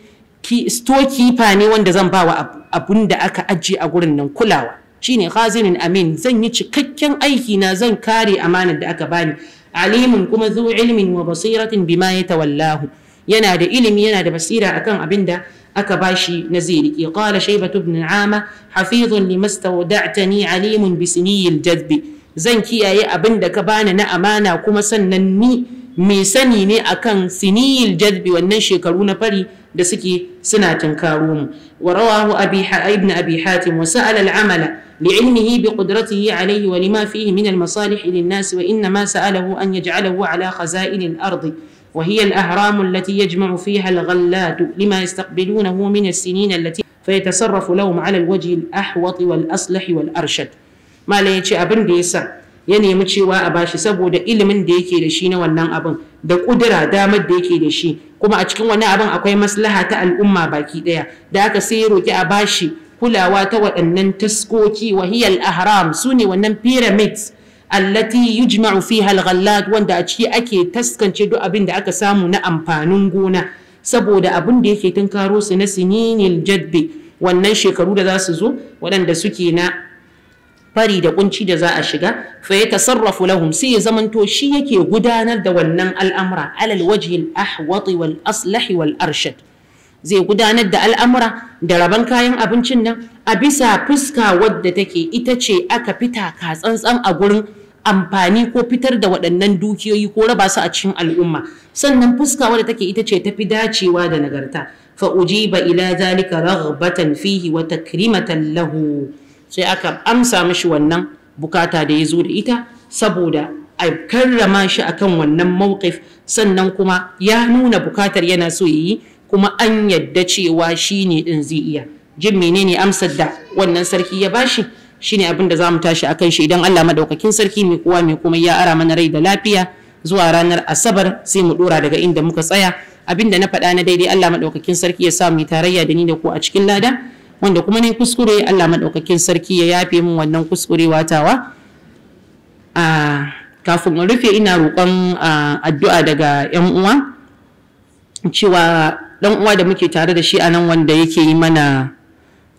stokifa ne wanda zan bawa abun da aka ajiye a gurin nan kulawa shine khazinin amin zan yi cikakken aiki na zan kare amanar da aka bani alimin kuma zu ilmin wa basiratin bima wallahu? yana da ilimi yana da basira akan abin da aka bashi na zai riƙe qala shaybatu ibn ama hafizun limastawda'tani alimun bisiniyil jazbi zan kiyaye abin da ka bani na amana kuma sannan ni mai sani ne akan siniyil jazbi wannan shekaru na fari da suke suna tunkaro mu wa rawahu abi ibn abi hatim wa sa'ala al-amala li'ilmihi bi qudratihi alayhi wa lima fihi min al-masalih lin-nas wa inna ma sa'alahu an yaj'alahu ala khaza'in al ard wa hiya al-ahram al-ghallat allati yajma'u fiha lima yastaqbilunahu min وهي sinin allati fayatasarrafu lahum ala al-wajh al-ahwat wal-aslah wal-arshad ma la والأصلح abin da yasa ya nemi cewa a bashi saboda ilimin da yake da shi لشينا wannan abin da ƙudura damar da yake da shi kuma a cikin wani abin akwai maslaha ta al'umma baki ɗaya da aka sai ya roki a bashi kulawa ta waɗannan taskoki wahiyal ahram su ne wannan pyramids allati yujma'u fiha al wanda a ciki ake taskance duk abin da aka samu na amfanin gona saboda abin da yake tunkaro su na sininil jadbi wannan shekaru da za su zo waɗanda suke na fari da kunci da za a shiga fa ya tasarrafu lahum sai ya zamanto shi yake gudanar da wannan al'amura alal wajhi al-ahwati wal aslahi wal arshad zai gudanar da al'amura da rabon kayan abincin nan a bisa fuska wadda take ita ce aka fita ka tsantsan a gurin amfani ko fitar da waɗannan dukiyoyi ko raba su a cikin al'umma sannan fuska wadda take ita ce tafi dacewa da nagarta fa ujiba ila zalika raghbatan fihi wa takrimatan lahu sai aka amsa mashi wannan bukata da ya zo da ita saboda a karrama shi akan wannan mawqif sannan kuma ya nuna bukatar yana so yi kuma an yadda cewa shi ne din zai iya jin menene amsar da wannan sarki ya bashi shine abin da za mu tashi akan shi idan Allah madaukakin sarki mai kowa mai kuma ya ara mana rai da lafiya zuwa ranar asabar sai mu dora daga inda muka tsaya abin da na faɗa na daidai Allah madaukakin sarki ya sa mu tarayya da ni da ku a cikin lada wanda kuma ne kuskure Allah maɗaukakin sarki ya yafe min wannan kuskure watawa a kafin in rufe ina roƙon addu'a daga yan uwa cewa dan uwa da muke tare da shi a nan wanda yake yi mana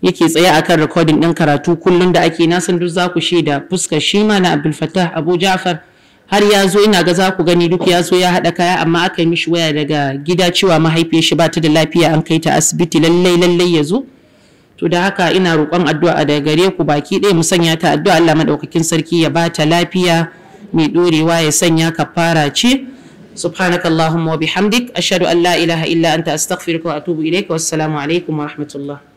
yake tsaye akan rikodin ɗin karatu kullum da ake nasan san duk za ku shaida fuskar shi ma na Abdul Fattah Abu Ja'far har ya zo ina ga za ku gani duk ya zo ya haɗa kaya amma aka yi mishi waya daga gida cewa mahaifiyar shi ba ta da lafiya an kai ta asibiti lallai lallai ya zo to da haka ina roƙon addu'a da gare ku baki ɗaya mu sanya ta addu'a Allah madaukakin sarki ya ba ta lafiya mai ɗorewa ya sanya ka fara ce subhanakallahumma wa bihamdik ashhadu an la ilaha illa anta astaghfiruka wa atubu ilaika wassalamu alaikum wa rahmatullah